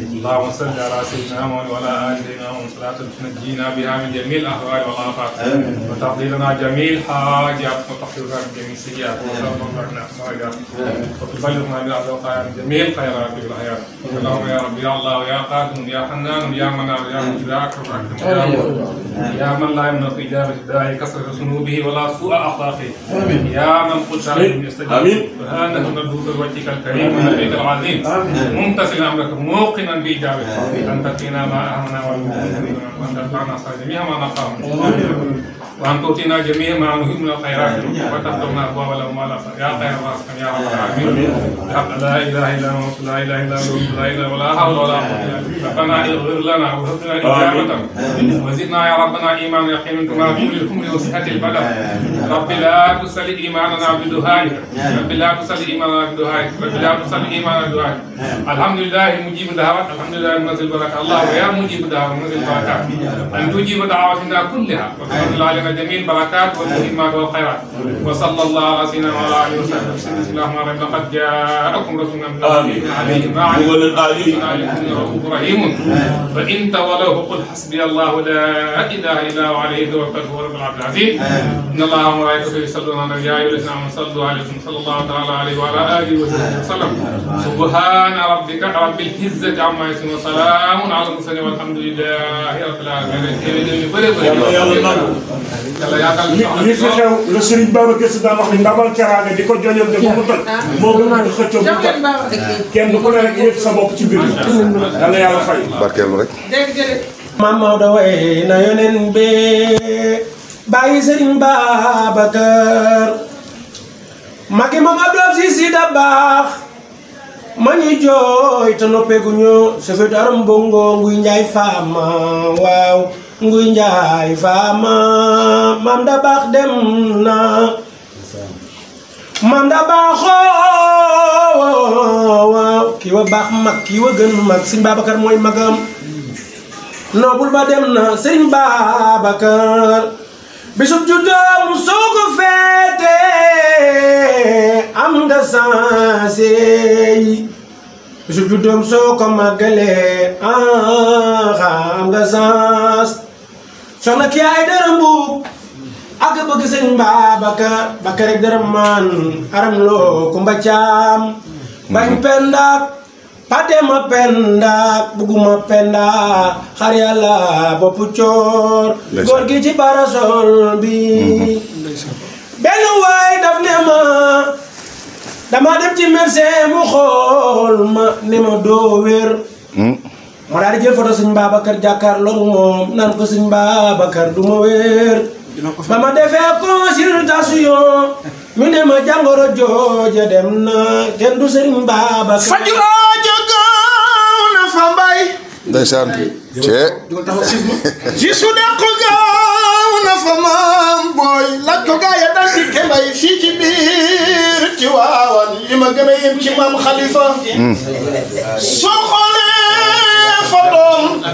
اللهم صل على سيدنا محمد وعلى ال سيدنا محمد صلاه تنجينا بها من جميع الاهوال والافات وتقضي لنا جميع الحاجات وتغفر لنا جميع السيئات وتغفر لنا وتبلغنا من اعضاء جميع الخيرات والحياه اللهم يا رب يا الله يا قادم يا حنان يا منار يا مجد يا اكرم اكرم يا من لا يملك اجابه داعي كثره ذنوبه ولا سوء اخلاقه يا من قلت عليهم يستجيب سبحانك ندعوك بوجهك الكريم ونبيك العظيم ممتثل امرك موقن دائما بإجابة أن تقينا ما أهمنا وأن تنفعنا صالحا بها ما نقام وأن تؤتينا جميع ما نهم الخيرات وتختمنا أبواب الأموال يا خير الراسخين يا رب العالمين بحق لا إله إلا أنت لا إله إلا أنت لا إله ولا حول ولا قوة إلا بالله ربنا اغفر لنا وارزقنا إجابة وزدنا يا ربنا إيمانا يقينا كما كل الأمر وصحة البلد رب لا تسل إيماننا بدعائك رب لا تسل إيماننا بدعائك رب لا تسل إيماننا بدعائك الحمد لله مجيب الدعوات الحمد لله منزل البركات الله يا مجيب الدعوات منزل البركات أن تجيب دعواتنا كلها وتنزل علينا جعلنا جميع البركات والمهمات والخيرات وصلى الله على سيدنا وعلى اله وصحبه وسلم لقد جاءكم رسول من الله عليكم ما عليكم رحيم فان تولوه قل حسبي الله لا اله الا هو عليه توكلت وهو رب العبد العزيز ان الله وملائكته يصلون على النبي يا ايها الذين امنوا صلوا عليه صلى الله تعالى عليه وعلى اله وصحبه وسلم سبحان ربك رب العزه عما يصفون وسلام على المرسلين والحمد لله رب العالمين li fi xew la Serigne Babacar Sy daan wax ni ndamal caraane di ko joñal de ba mu toj moo gën a xëccoo bu toj kenn ku ne rek yëg sa bopp ci mbir mi dana yàlla fay barkeelu rek maam Maodo way na yoneen bi bàyyi Serigne Babacar magi moom Abdoul Aziz Sy Dabakh ma ñuy jooy te noppeeguñu sofeetu aram bongo nguy njaay faama waaw nguy njaay faama maam da baax dem na maam da baaxoo oh, oh, oh, kii wa baax mag kii gën mag sëñ Babacar mooy magam noobul ba dem na sëñ Babacar bisub juddoom soo ko feete am nga sansey bisub juddoom soxna ki ay dërëm buub ak bëgg sëñ Babacar Bakar rek dërëm man aram loo kumba caam bañ pendaak pate ma pendaak bugguma pendaak xar yàlla bopp coor góor gi ci parasol bi mhm. benn waay daf ne ma dama dem ci merse mu xool ma ne ma doo wér mhm. mu daal di jël photo sëñ Babacar jàkkaarloo moom naan ko sëñ Babacar du ma wér. ba ma defee consultation ñu ne ma jàngoro jooja dem na kenn du sëriñ Babacar. fajuroo jëggoon na gaaw na fa maam booy laaj ko kembay fii ci biir ci waawan li ma gën a yem ci maam Khalifa. Hmm. soo xoolee. fotoom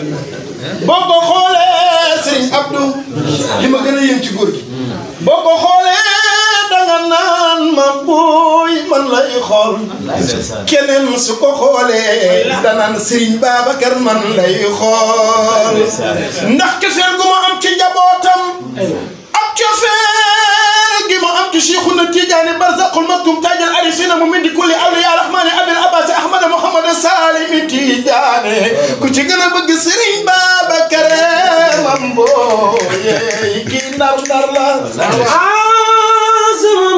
boo ko xoolee sëriñ Abdou li ma gën a yéem ci góor gi xoolee danga naan ma buuy man lay xool keneen su ko xoolee danaan sëriñ Babacar man lay xool ndax cofeel gu ma am ci njabootam ëllëg gi ma am ci Cheikhuna Tijaani ku ci gën a bëgg sëriñ Babacar Lambo yeey ki ndar ndar la ah, sama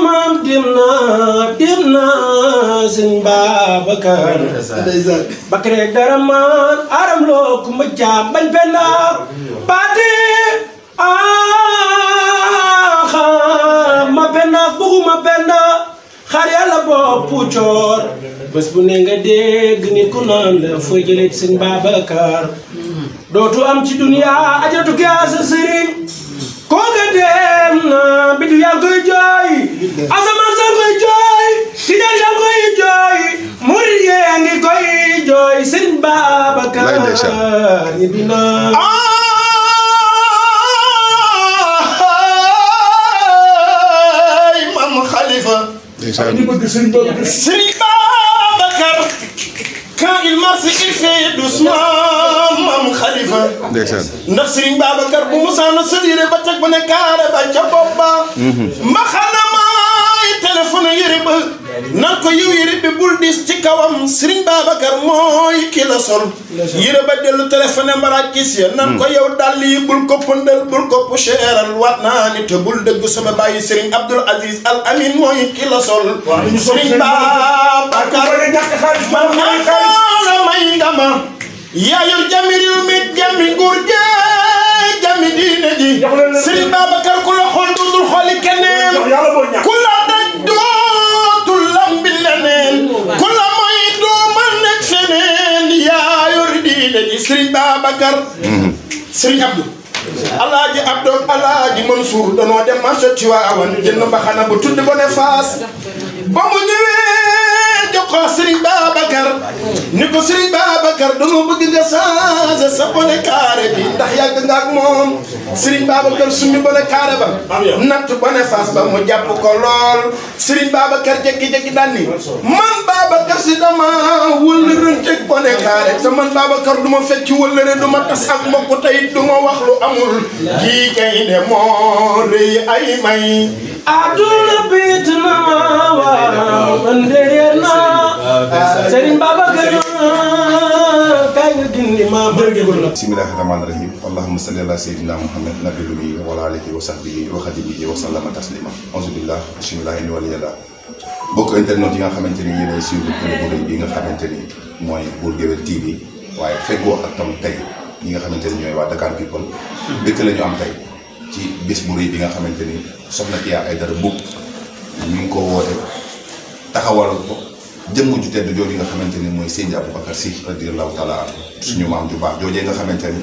maam aa ah, ma benna bugguma benna xar yàlla boppu coor bés bu dégg nit ku naan la fooy jëlee ci sëñ dootu am ci duniyaa ajatu gaa sa sëriñ koo nga dem na bitu yaa koy jooy asamaan saa koy jooy tijaan yaa koy jooy murit yaa ngi koy jooy sëñ Babacar ñibbi naa ah! ñu bëgg Serigne Babacar Serigne Babacar quand il marche il fait doucement maam xalifa ndax Serigne Babacar bu musaana teg ba ne kaare ba ca bopp ma mhm. xanaa maay téléphone yére nan ko yow bi bul diis ci kawam Serigne mooy ki la sol yére ba dellu téléphone mbaraaj gis ya nan ko yow dàll yi bul ko pëndal bul ko puchéeral waat naa ni te bul dëgg sama bàyyi Serigne Abdoul Aziz Al Amin mooy ki sol Serigne Babacar man naa la may ndama yaayu ku la dañuy Serigne Babacar. Mhm. Serigne Abdou. Alaaji Abdou Alaaji Mansour danoo dem marché Tiwaawan jënd mbaxana bu tudd Boniface ba mu ñëwee. ko Serigne Babacar ni ko Serigne Babacar dañoo bëgg nga changé sa bone carré bi ndax yàgg nga ak moom Serigne Babacar summi bone carré ba natt bone fas ba mu jàpp ko lool Serigne Babacar jékki-jékki daan ni man Babacar si dama wëllërante bone carré te man Babacar du ma fecc wëllëre du ma tas ak mbokk tey du ma wax amul kii ne moo rëy ay may aduna biit na waa na Ah, Serigne Babacar kaay nga gindi ma bëgg ko la bismillahi rahmaani rahim allahumma salli ala sayyidina muhammad nabiyyi wa ala alihi wa sahbihi wa xadimihi wa sallama taslima auzu billah bismillahi bokk internet yi nga xamante ni yéenay suivre télévidéo bi nga xamante ni mooy Bour Gueweul TV waaye feggoo ak tam tey ñi nga xamante ni ñooy waa Dakar People dëkk la ñu am tey ci bés bi nga xamante ni soxna Kya Aidara Mboup ñu ngi ko woote taxawal ko jëmm ju tedd jooju nga xamante ni mooy Seydi Aboubacar Sy radiyallahu taala anhu suñu maam ju baax joojee nga xamante ni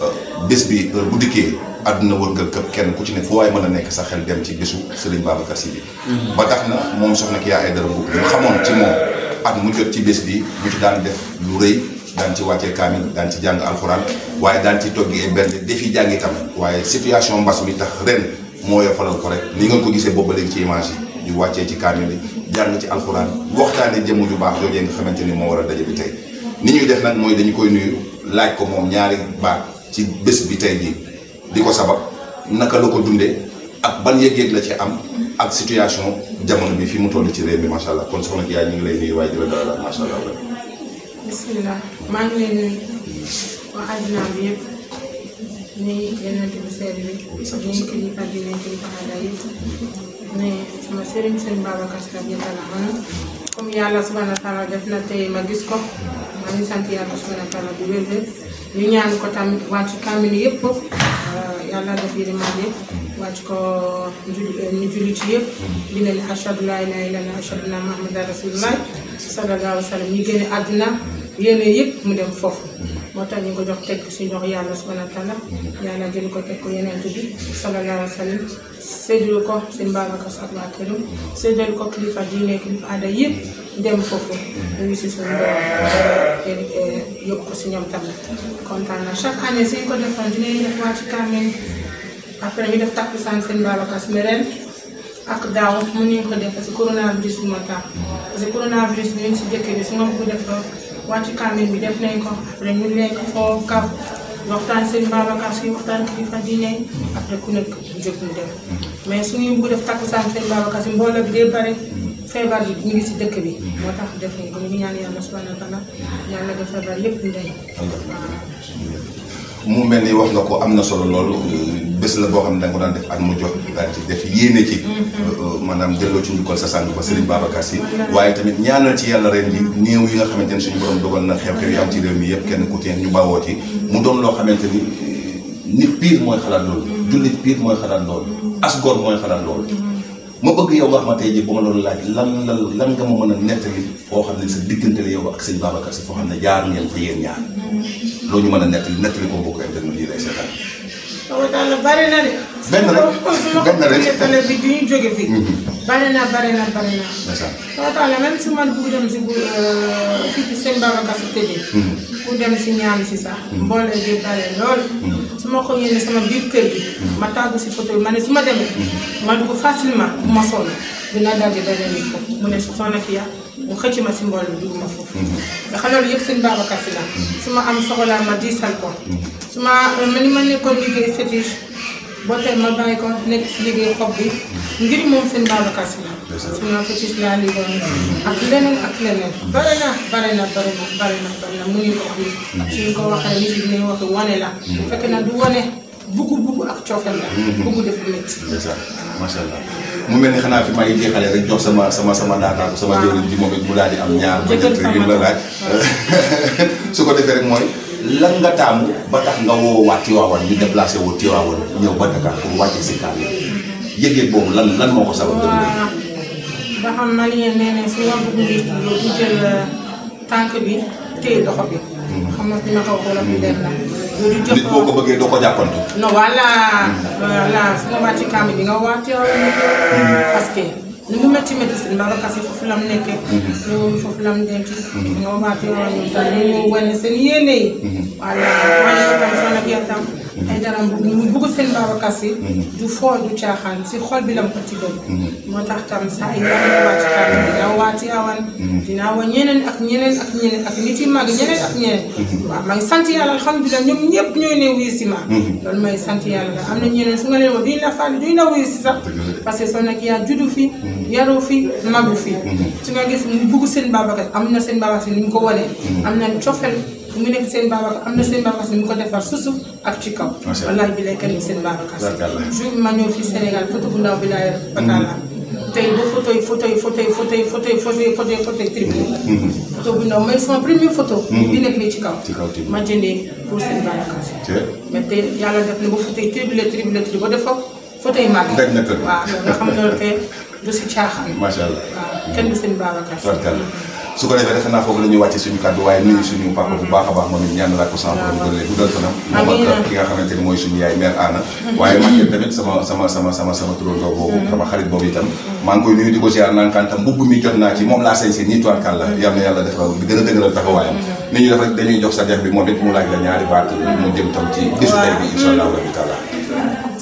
euh, bés bi euh, bu dikkee àdduna wërngal këpp kenn ku ci ne fu waaye mën a nekk sa xel dem ci bisu Serigne Babacar Sy bi mm-hmm. ba tax na moom soxna ki yaa ay dara mbokk xamoon ci moom at mu jot ci bis bi ñu ci daan def lu rëy daan ci wàccee kaamil daan ci jàng alxuraan waaye daan ci toggi ay benn defi jàng waaye situation mbas bi tax ren moo ko rek ni nga ko boobu léegi ci image yi ñu wàccee ci kaamil bi jàng ci alxuraan waxtaane jëmm ju baax joojee nga xamante ni moo war a daje bi tey ni ñuy def nag mooy dañu koy nuyu laaj ko moom ñaari baat ci bés bi tey di ko sabab naka la ko dundee ak ban yëg-yëg la ci am ak situation jamono bi fi mu toll ci réew mi macha allah kon soxna Kya ñu ngi lay nuyu waaye la dalal macha allah. bisimilah maa ngi ne sama sëriñ sëriñ Babacar Si radiyallaahu anhu comme yàlla subhaana wa taala def na tey ma gis ko maa ngi sant yàlla subhaana wa taala bu wér ñu ñaan ko tamit wàcc kaamil yëpp yàlla def yërmande wàcc ko ñu julli ci yëpp di leen ashhadu laa ilaaha illallaah ashhadu anna Muhammadan rasuulullaah sallallaahu alayhi wa sallam ñu génne àddina yéene yëpp mu dem foofu moo tax ñu ko jox teg si jox yàlla subhana taala yàlla jël ko teg ko yeneen bi sallallahu alayhi wa sallam ko seen Babacar Sy ak waa këram séddal ko kilifa diine kilifa aada yëpp dem si suñu doom eh, yóbbu ko si ñoom tamit kontaan na année suñ ko def waa ci Kamel après ñu def bi moo tax parce que coronavirus bi ñu ngi si dëkk bi su ma ko def wàccu kaamil bi def nañ ko après ñu lekk foo kaf waxtaan seen Babacar suñu waxtaan kii fa diine après ku nekk jóg ñu dem mais suñu bu def takkusaan seen Babacar si mbooloo bi day bare feebar yi ñu ngi si dëkk bi moo tax def nañ ko ñu ngi ñaan yàlla subhanahu wa yàlla def feebar lépp ñu day mu mel ni wax nga ko am na solo loolu si la boo xam ne da nga ko daan def at mu jot daan ci def yéene ci mm-hmm. euh, euh, maanaam delloo ci njukkal sa sàng ba Serigne mm-hmm. Babacar Sy waaye tamit ñaanal ci yàlla ren bi néew yi nga xamante ne suñu borom dogal na xew-xew yi am ci réew mi yëpp kenn ku ñu bawoo ci mm-hmm. mu doon loo xamante ni euh, nit pire mooy xalaat loolu jullit pire mooy xalaat loolu asgoor mooy xalaat loolu ma bëgg yow nga xamante ji ba ma doon laaj lan la lan nga ma mën a nettali foo xam ne sa diggante yow ak sëñ Babacar Sy foo xam ne jaar ngeen fa yéen loo ñu mën a nettali nettali ko waaw daal la bari na de. benn rek benn rek su ma télé bi du ñu jóge fii. Mhm. bari na bari na bari na. waaw daal la même si man bëgg dem si bu euh, fii ci sëñ Babacar si ku dem si ñaan si sax. Mm. mboolee bi bare lool. Mm. su ma ko yéene sama biir kër gi. Mm. ma tàggu si photo ma ne su ma demee. ma dugg facilement bu ma sonn dina daal di dalee ni foofu mu ne su soxna fi mu xëcc ma si mbool bi dugg ma foofu. ndax loolu yëpp suñu Babacar Si la. su ma am soxlaa ma diisal ko. su ma man ni ma nekkoon liggéey fétiche. boo tey ma bàyyi ko nekk ci liggéey xob bi ngir moom seen Babacar Si la. sinon fétiche laa liggéey ak leneen ak leneen. bare na bare na bare na bare na bare na mënuñu ko wax nii. suñu ko waxee nit yi dinañ wax wane la. bu mm. fekkee du wane bugg bugg ak coofeel la. Mm. bugg def lu métti. macha allah mu mel xanaa fi maa ngi rek jox sama sama sama daataako sama jëriñ ji moom it mu daal di am ñaar ba ñett la laaj su ko defee rek mooy. lan nga taamu ba tax nga woo waa Tiwaawan ñu déplacé wu Tiwaawan ñëw ba Dakar pour wàcce si kaar yëg-yëg boobu lan lan moo ko sabab dëgg ah, ba xam malien jël euh, tànk bi téye doxo bi hmm. xam nga dina ko wala bi hmm. dem la nit boo ko bëggee doo ko jàppantu non voilà hmm. voilà su ma wàcc kàmb bi nga wàcc parce que li mu métti métti si Babacar Sy foofu la mu nekkee. ñoom mhm. foofu la mu denc. ñoom waa Tivaouane ñu ngi wane seen yéene yi. waaw mhm. yow tam fan ak yow ay mhm. dara mu bugg seen Babacar Sy mhm. du foo du caaxaan si xol bi lam ko ci doon mhm. moo tax tam saa yi wàcc xaar dinaa dinaa wa ñeneen ak ñeneen ak ñeneen ak nit yi mag ñeneen ak ñeneen waaw maa ngi sant yàlla alhamdulilah ñoom ñëpp ñooy ne wuyu si ma loolu mooy sant yàlla la am na ñeneen su nga leen moom duñ la fàll duñ la wuyu si sax parce que soo nag yaa juddu fi yaru fi magu fi su nga gis mu bugg seen Babacar am na seen ba Sy ni mu ko wanee am na cofeel mu ngi nekk seen Babacar am na seen Babacar mu ko defar susuf ak ci kaw. wallaahi bi lay kenn seen Babacar. jour bi ma ñëw fii Sénégal photo bu ndaw bi laay fataala mm-hmm. tey ba photo yi photo yi photo yi photo yi photo yi photo yi photo yi photo yi tribune mm-hmm. photo bu ndaw mooy sama première photo bi mm-hmm. nekk nii ci kaw ma jëndee pour seen Babacar mais tey yàlla def na ba photo yi tribune tribune tribune ba def ko photo yi màgg waaw nga xam ne loolu tey du si caaxaan macha allah waaw kenn du seen Babacar su ko defee defe naa foofu la ñuy wàcce suñu kàddu waaye nuyu suñu papa bu baax a baax moom it ñaan la ko sama gën leen guddal boobu sama xarit boobu itam maa koy nuyu di ko ziar naan kan tam mbubb mi jot naa ci moom laa sañ si nii tuwaat kàlla yal na yàlla defal gën a dëgëral taxawaayam ni ñu def dañuy jox sa dex bi moom it mu laaj la ñaari baat mu jëm tam ci bisu tey bi incha allahu rabi taala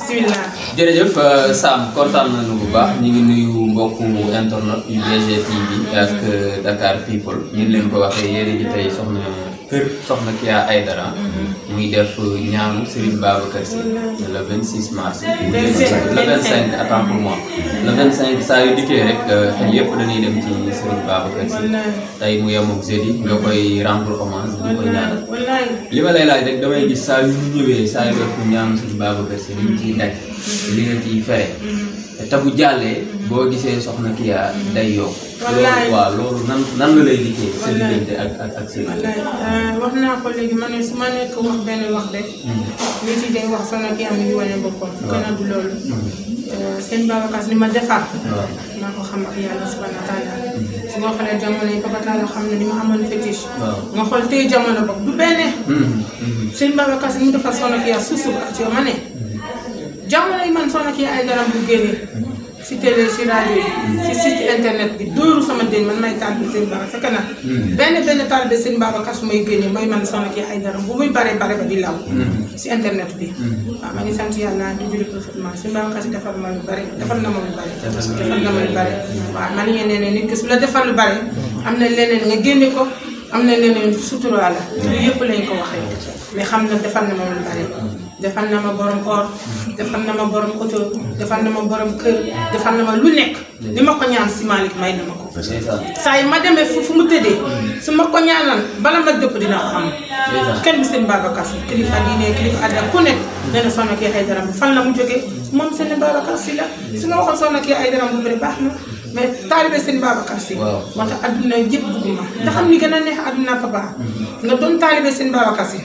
bismillah jërëjëf euh, Sam kontaan nañu bu baax ñu ngi nuyu mbokku internet yu BGTV ak euh, Dakar People ñu ngi leen ko waxee yéen a ngi soxna kër soxna Kya Aidara mm-hmm. muy def ñaanu Serigne Babacar Sy le 26 mars. le 25 attends pour moi le 25 saa yu dikkee rek euh, xel yëpp dañuy dem ci Serigne Babacar Sy tey mu yem ak jeudi koy rendre hommage di ko ñaanal. li ma lay laaj rek damay gis saa yu ñu ñëwee saa yu def ñaanu Serigne Babacar Sy li ñu ciy daj. Mm-hmm. li nga ciy fere mm-hmm. te bu jàllee. boo gisee soxna Kya day yokk. wallaay loolu waaw loolu nan nan la lay liggéey. sa diggante ak ak ak seen euh, wax naa ko léegi ma ne su ma nekk wax benn wax rek. Mhm. nit yi day wax soxna Kya mi ngi wane boppam. Mhm. Euh, ma defar. maa ko xam ak yàlla subhanahu wa taala. Mhm. su nga xoolee jamono yi Papa Talla xam ne li ma amoon fétiche. nga xool tey jamono bopp du benn. seen Babacar li mu defar soxna Kya suuf suuf ak ci ma ne. jamono yi man soxna Kya ay garam bu génnee. ci télé si rajo yi. si site internet bi dóoru sama déet man may taal bi sëñ Babacar sa kanam. Hmm. benn benn taal bi sëñ ba su may génnee mooy man sama kii ay dara bu muy bare bare ba di law. Hmm. si internet bi. Hmm. waaw ma ngi sant yàlla di julli parfaitement sëñ Babacar si defar ma lu bare defar na ma lu bare. defar na ma lu bare. waaw man ngeen nee ne nit su la defar lu bare. am na leneen nga génne ko am na leneen sutura la. yooyu yëpp lañ ko waxee mais xam na defar na ma lu defal na ma borom or defal na ma borom oto defal na ma borom kër defal na ma lu nekk ni ma ko ñaan si Malick may na ma ko saa yi ma demee fu fu mu tëddee su ma ko ñaanal bala ma dëpp dina ko am kenn bi seen Babacar Si kilifa diine kilifa adda ku nekk dana Soxna Kya Aidara bi fan la mu jógee moom seen Babacar Si la su ma waxoon Soxna Kya Aidara bu bëri baax na mais taalibe seen Babacar Si moo tax adduna yëpp bëgg ma ndax am ni gën a neex adduna papa nga doon taalibe seen Babacar Si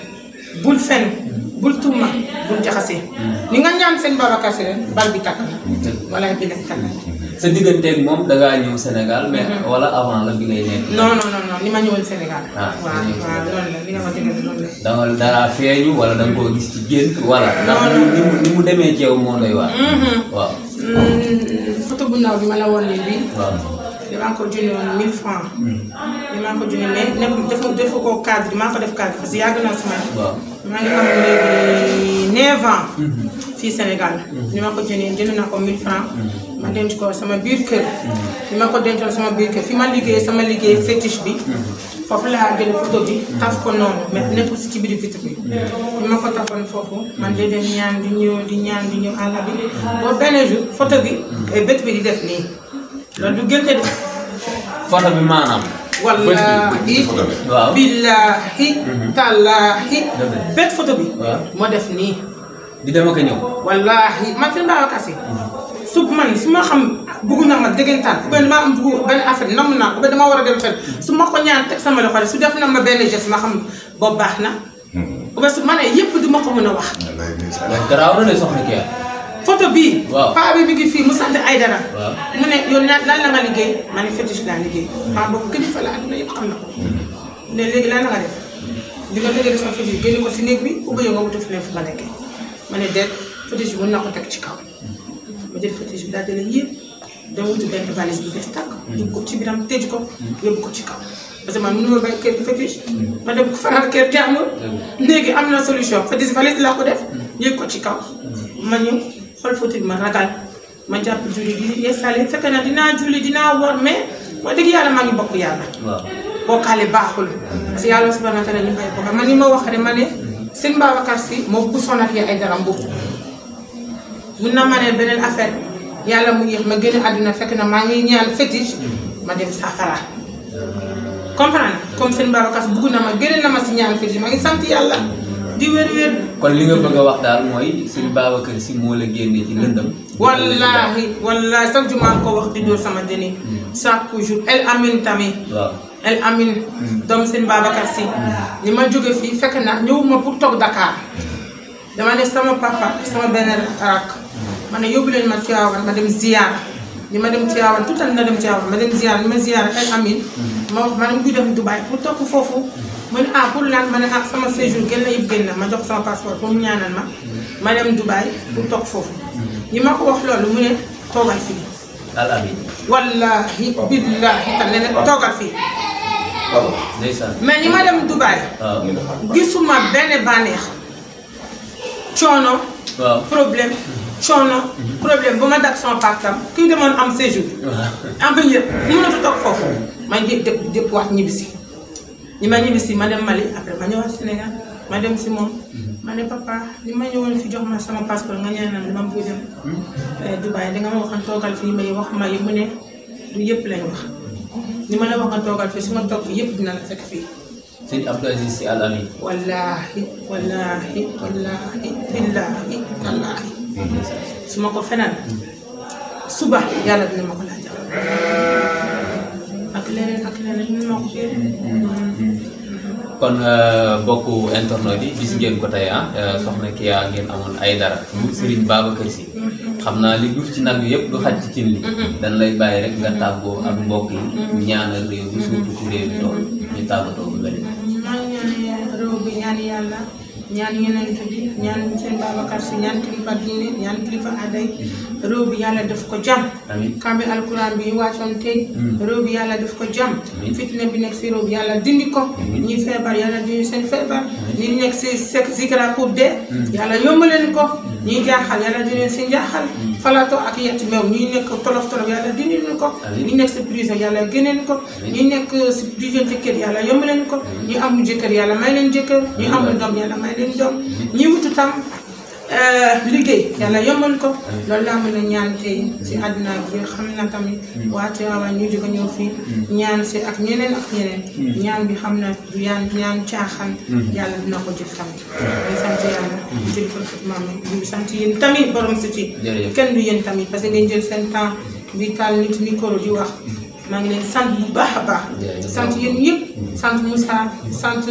bul fen bul tuuma bul jaxasee hmm. ni nga ñaan seen Babacar Sy bal bi takk hmm. wala bi lañ takk sa digganteeg moom da ngaa ñëw Sénégal mais hmm. wala avant la bi ngay nekk. non non non ni ma ñëwoon Sénégal. ah waaw waaw loolu la li feeñu wala da koo gis ci gént. wala ndax ni mu ni mu demee ci yow moo doy mm-hmm. waaw. Mm, photo bu ndaw bi ma la woon léegi. waaw. damaa ko junne woon 1000 francs. damaa mm. ko junne mais nekkul dafa dafa ko cadre damaa ko def cadre parce que yàgg naa sama. waaw maa ngi am léegi 9 ans. Mm-hmm. fii Sénégal. ni mm-hmm. ma ko jëndee jënd naa mm-hmm. ma denc ko sama biir kër. ni ma ko dencoon sama biir kër fi ma liggéey sama liggéey fétiche bi. foofu laa jëlee photo bi taf ko noonu mais nekkul si ci biir vitre bi ni ma ko tafoon foofu man de dem ñaan di ñëw di ñaan di ñëw àll bi ba benn jour photo bi bët bi di def nii. loolu du gënte de. photo bi maanaam. wallaahi billaahi mhm. tallaahi benn photo bi. moo def nii. di dem ak a ñëw. wallaahi man fi mu daal kasi. su man ma xam bëggu na ma déggantaan ou mhm. bien damaa am bëggu benn affaire namm naa ou war a dem fenn mhm. su ma ko ñaan teg sama loxo su def na ma benn geste ma xam boobu baax na. ou bien su ma yëpp du ma ko mën a wax. photo bii. waaw paa bi mi ngi fii mu sant ay dara. mu ne yow lan la nga liggéey ma ne fétiche laa liggéey. Hmm. paa boobu kilifa la àdduna yëpp xam na ko. Hmm. ne léegi lan la nga def di si néeg bi ou ma nekkee ma na ko teg ci kaw. Hmm. ma jël fétiche bi daal di leen yéeg dama wuti ko ci biram tëj ko. yóbbu ko ci kaw. parce ma bay kër fétiche. ma dem ko faral kër jàmbur. léegi am na solution fétiche valise laa ko def yéeg ko ci kaw ma ñëw. xol fóotil ma ragal ma jàpp julli di yeesaale fekk na dinaa julli dinaa wor mais wax dëgg yàlla ma ngi bokk yàlla. bokkaale baaxul. parce que yàlla subhanahu wa ne ñu koy bokk man ni ma wax rek ma ne sëñ Babacar si moo bu sonal na ma ne beneen affaire yàlla mu yéex ma génn àdduna fekk na maa ngi ñaan fétiche ma dem safara comprendre comme sëñ Babacar si bugg na ma génn na ma si ñaan fétiche ma ngi sant yàlla. li wér-wér. kon li nga bëgg a wax daal mooy seen Babacar Si moo la génne ci lëndëm. wallaahi wallaahi chaque jour maa ko wax di dóor sama dënnu. Hmm. chaque jour El Amin tamit. waaw El Amin. Hmm. doom seen Babacar Si. Hmm. ni ma jóge fii fekk na ñëwuma pour toog Dakar. dama ne sama papa sama benn rakk. ma ne yóbbu leen ma Tiwaawan ma dem ziyaar li ma dem Tiwaawan tout à na dem Tiwaawan ma dem ziyaar li ma ziyaar El Amin. ma wax ma ne mu def Dubaay pour toog foofu. mu ne ah, pour lan ma ne ah sama séjour gën na yëpp gën na ma jox sama passeport pour mu ñaanal ma ma dem Dubaï pour toog foofu ñi ma ko wax loolu mu ne toogal fii. wallaahi billaahi tam fii. mais ñi ma dem Dubaï. gisuma benn bànneex coono. problème coono. problème bu ma dag sama partam kii demoon am séjour. am ba ñëpp mënatu toog foofu. ma ngi dëpp dëpp wax ñibbisi. ñi ma ñibbi si ma dem Mali après ma ñëwaat Sénégal ma dem si moom. Mhm. ma ne papa li ma ñëwoon fi jox ma sama passeport nga ñaanal dama bëgg dem. Mhm. Eh, Dubaï danga ma may wax ma yi mu ne du yëpp lañ li ma la wax nga toogal fii su ma yëpp dina la fekk fii. sëñ Abdoul Aziz Sy Al Amine. wallaahi wallaahi wallaahi mhm. su ma ko fenal suba yàlla dina ma ko laajal. leneen ak leneen ñun kon euh, mbokku internautes yi gis ngeen ko tey ah euh, soxna Kya ngeen amoon ay dara. Serigne Babacar Sy. xam naa li duuf ci nag yëpp du xaj ci cin li. dañ lay bàyyi rek nga tàggoo ak mbokk yi. ñaanal réew mi surtout ku réew mi tool ñu tàggatoo ba leneen. maa ñaan yeneen bi ñaan seen Babacar si ñaan kilifa diine ñaan kilifa aday réew bi yàlla def ko jàmm kambi alquran bi wàccoon tey mm. réew yàlla def ko jàmm fitna bi nekk si réew yàlla dindi ko ñi feebar yàlla dindi seen feebar ñi nekk si sikra pour dee mm. yàlla yombaleen ko mm. ñi jaaxal yàlla dindi si njaaxal falaatoo ak yetti meew ñuy nekk tolof tolof yàlla dindil ñu ko ñuy nekk si prison yàlla génneen ko ñuy nekk si diggante kër yàlla yomb leen ko ñu amul jëkkër yàlla may leen jëkkër ñu amul doom yàlla may leen tam Euh, liggéey yàlla yombal ko loolu laa mën a ñaan tey si àdduna bi xam na tamit waa Tiwaawan ñu jóge ñëw fii ñaan si ak ñeneen ak ñeneen ñaan bi xam na du yaan ñaan caaxaan yàlla dina ko jëf tamit ñu sant yàlla jël ko maam sant yéen tamit borom si ci kenn du yéen tamit parce que ngeen jël seen temps di taal nit micro di wax maa ngi leen sant bu baax a baax sant yéen yëpp mm. sant Moussa sant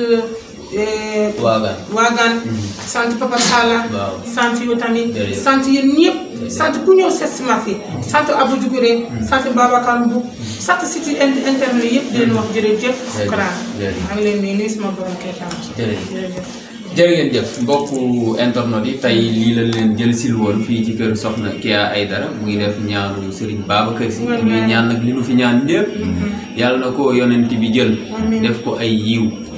Eh, waagaan waagaan mhm. sant Papa Salla sant yow tamit sant yéen ñëpp sant ku ñëw seet si ma fi mhm. sant Abou Diouguré mhm. sant Babacar Mboup sant site internet yëpp di leen wax jërëjëf sukran maa ngi leen jëf mbokku internet yi tey lii la leen jël sil fii ci kër Soxna Kya Aidara mu ngi def ñaanu Serigne Babacar Sy muy ñaan nag li nu fi ñaan lépp yàlla na ko yonent bi jël def ko ay yiw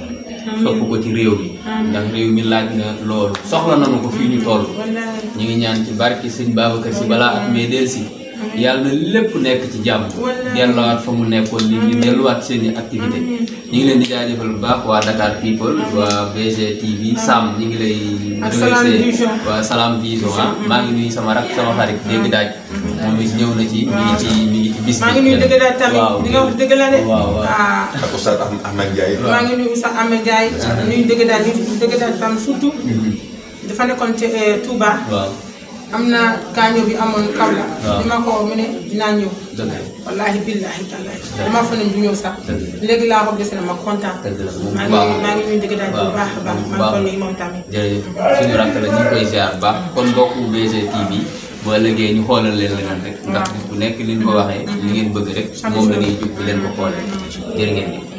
sopp ko ci réew mi ndax réew mi laaj na loolu soxla nanu ko fii ñu toll ñu ngi ñaan ci barki sëñ Babacar si balaa at mee del si yàlla na lépp nekk ci jàmm delluwaat fa mu nekkoon nit ñi delluwaat seen i activité ñu ngi leen di jaajëfal bu baax waa Dakar People waa BGTV Sam ñu ngi lay remercier waa Salam Vision ah maa ngi nuyu sama rak sama xarit ah. dégg daaj moom ñëw na ci mi ngi ci mi ngi ci bis bi maa ngi nuyu dëgg daaj tamit di nga wax dëgg la de waaw waaw ah. ak Oustaz Ahmed Ndiaye maa ngi nuyu Oustaz Ahmed Ndiaye ah. nuyu dëgg dëgg daaj tam surtout mm-hmm. dafa nekkoon ci eh, am na gaañoo bi amoon kaw la. waaw ma ko mu ne dinaa ñëw. wallahi billahi tallahi dama fa ne du ñëw sax. léegi laa ko gis na ma kontaan. maa ngi maa ngi ñuy dëgg daal bu baax a baax. maa ngi ko nuyu moom tamit. jërëjëf suñu rakk la ñu ngi koy ziar baax kon mbokku BG TV boo liggéey ñu xoolal leen leneen rek. ndax bu nekk li ñu ko waxee. li ngeen bëgg rek moom la ñuy jug leen ko xoolee mm. jërë ngeen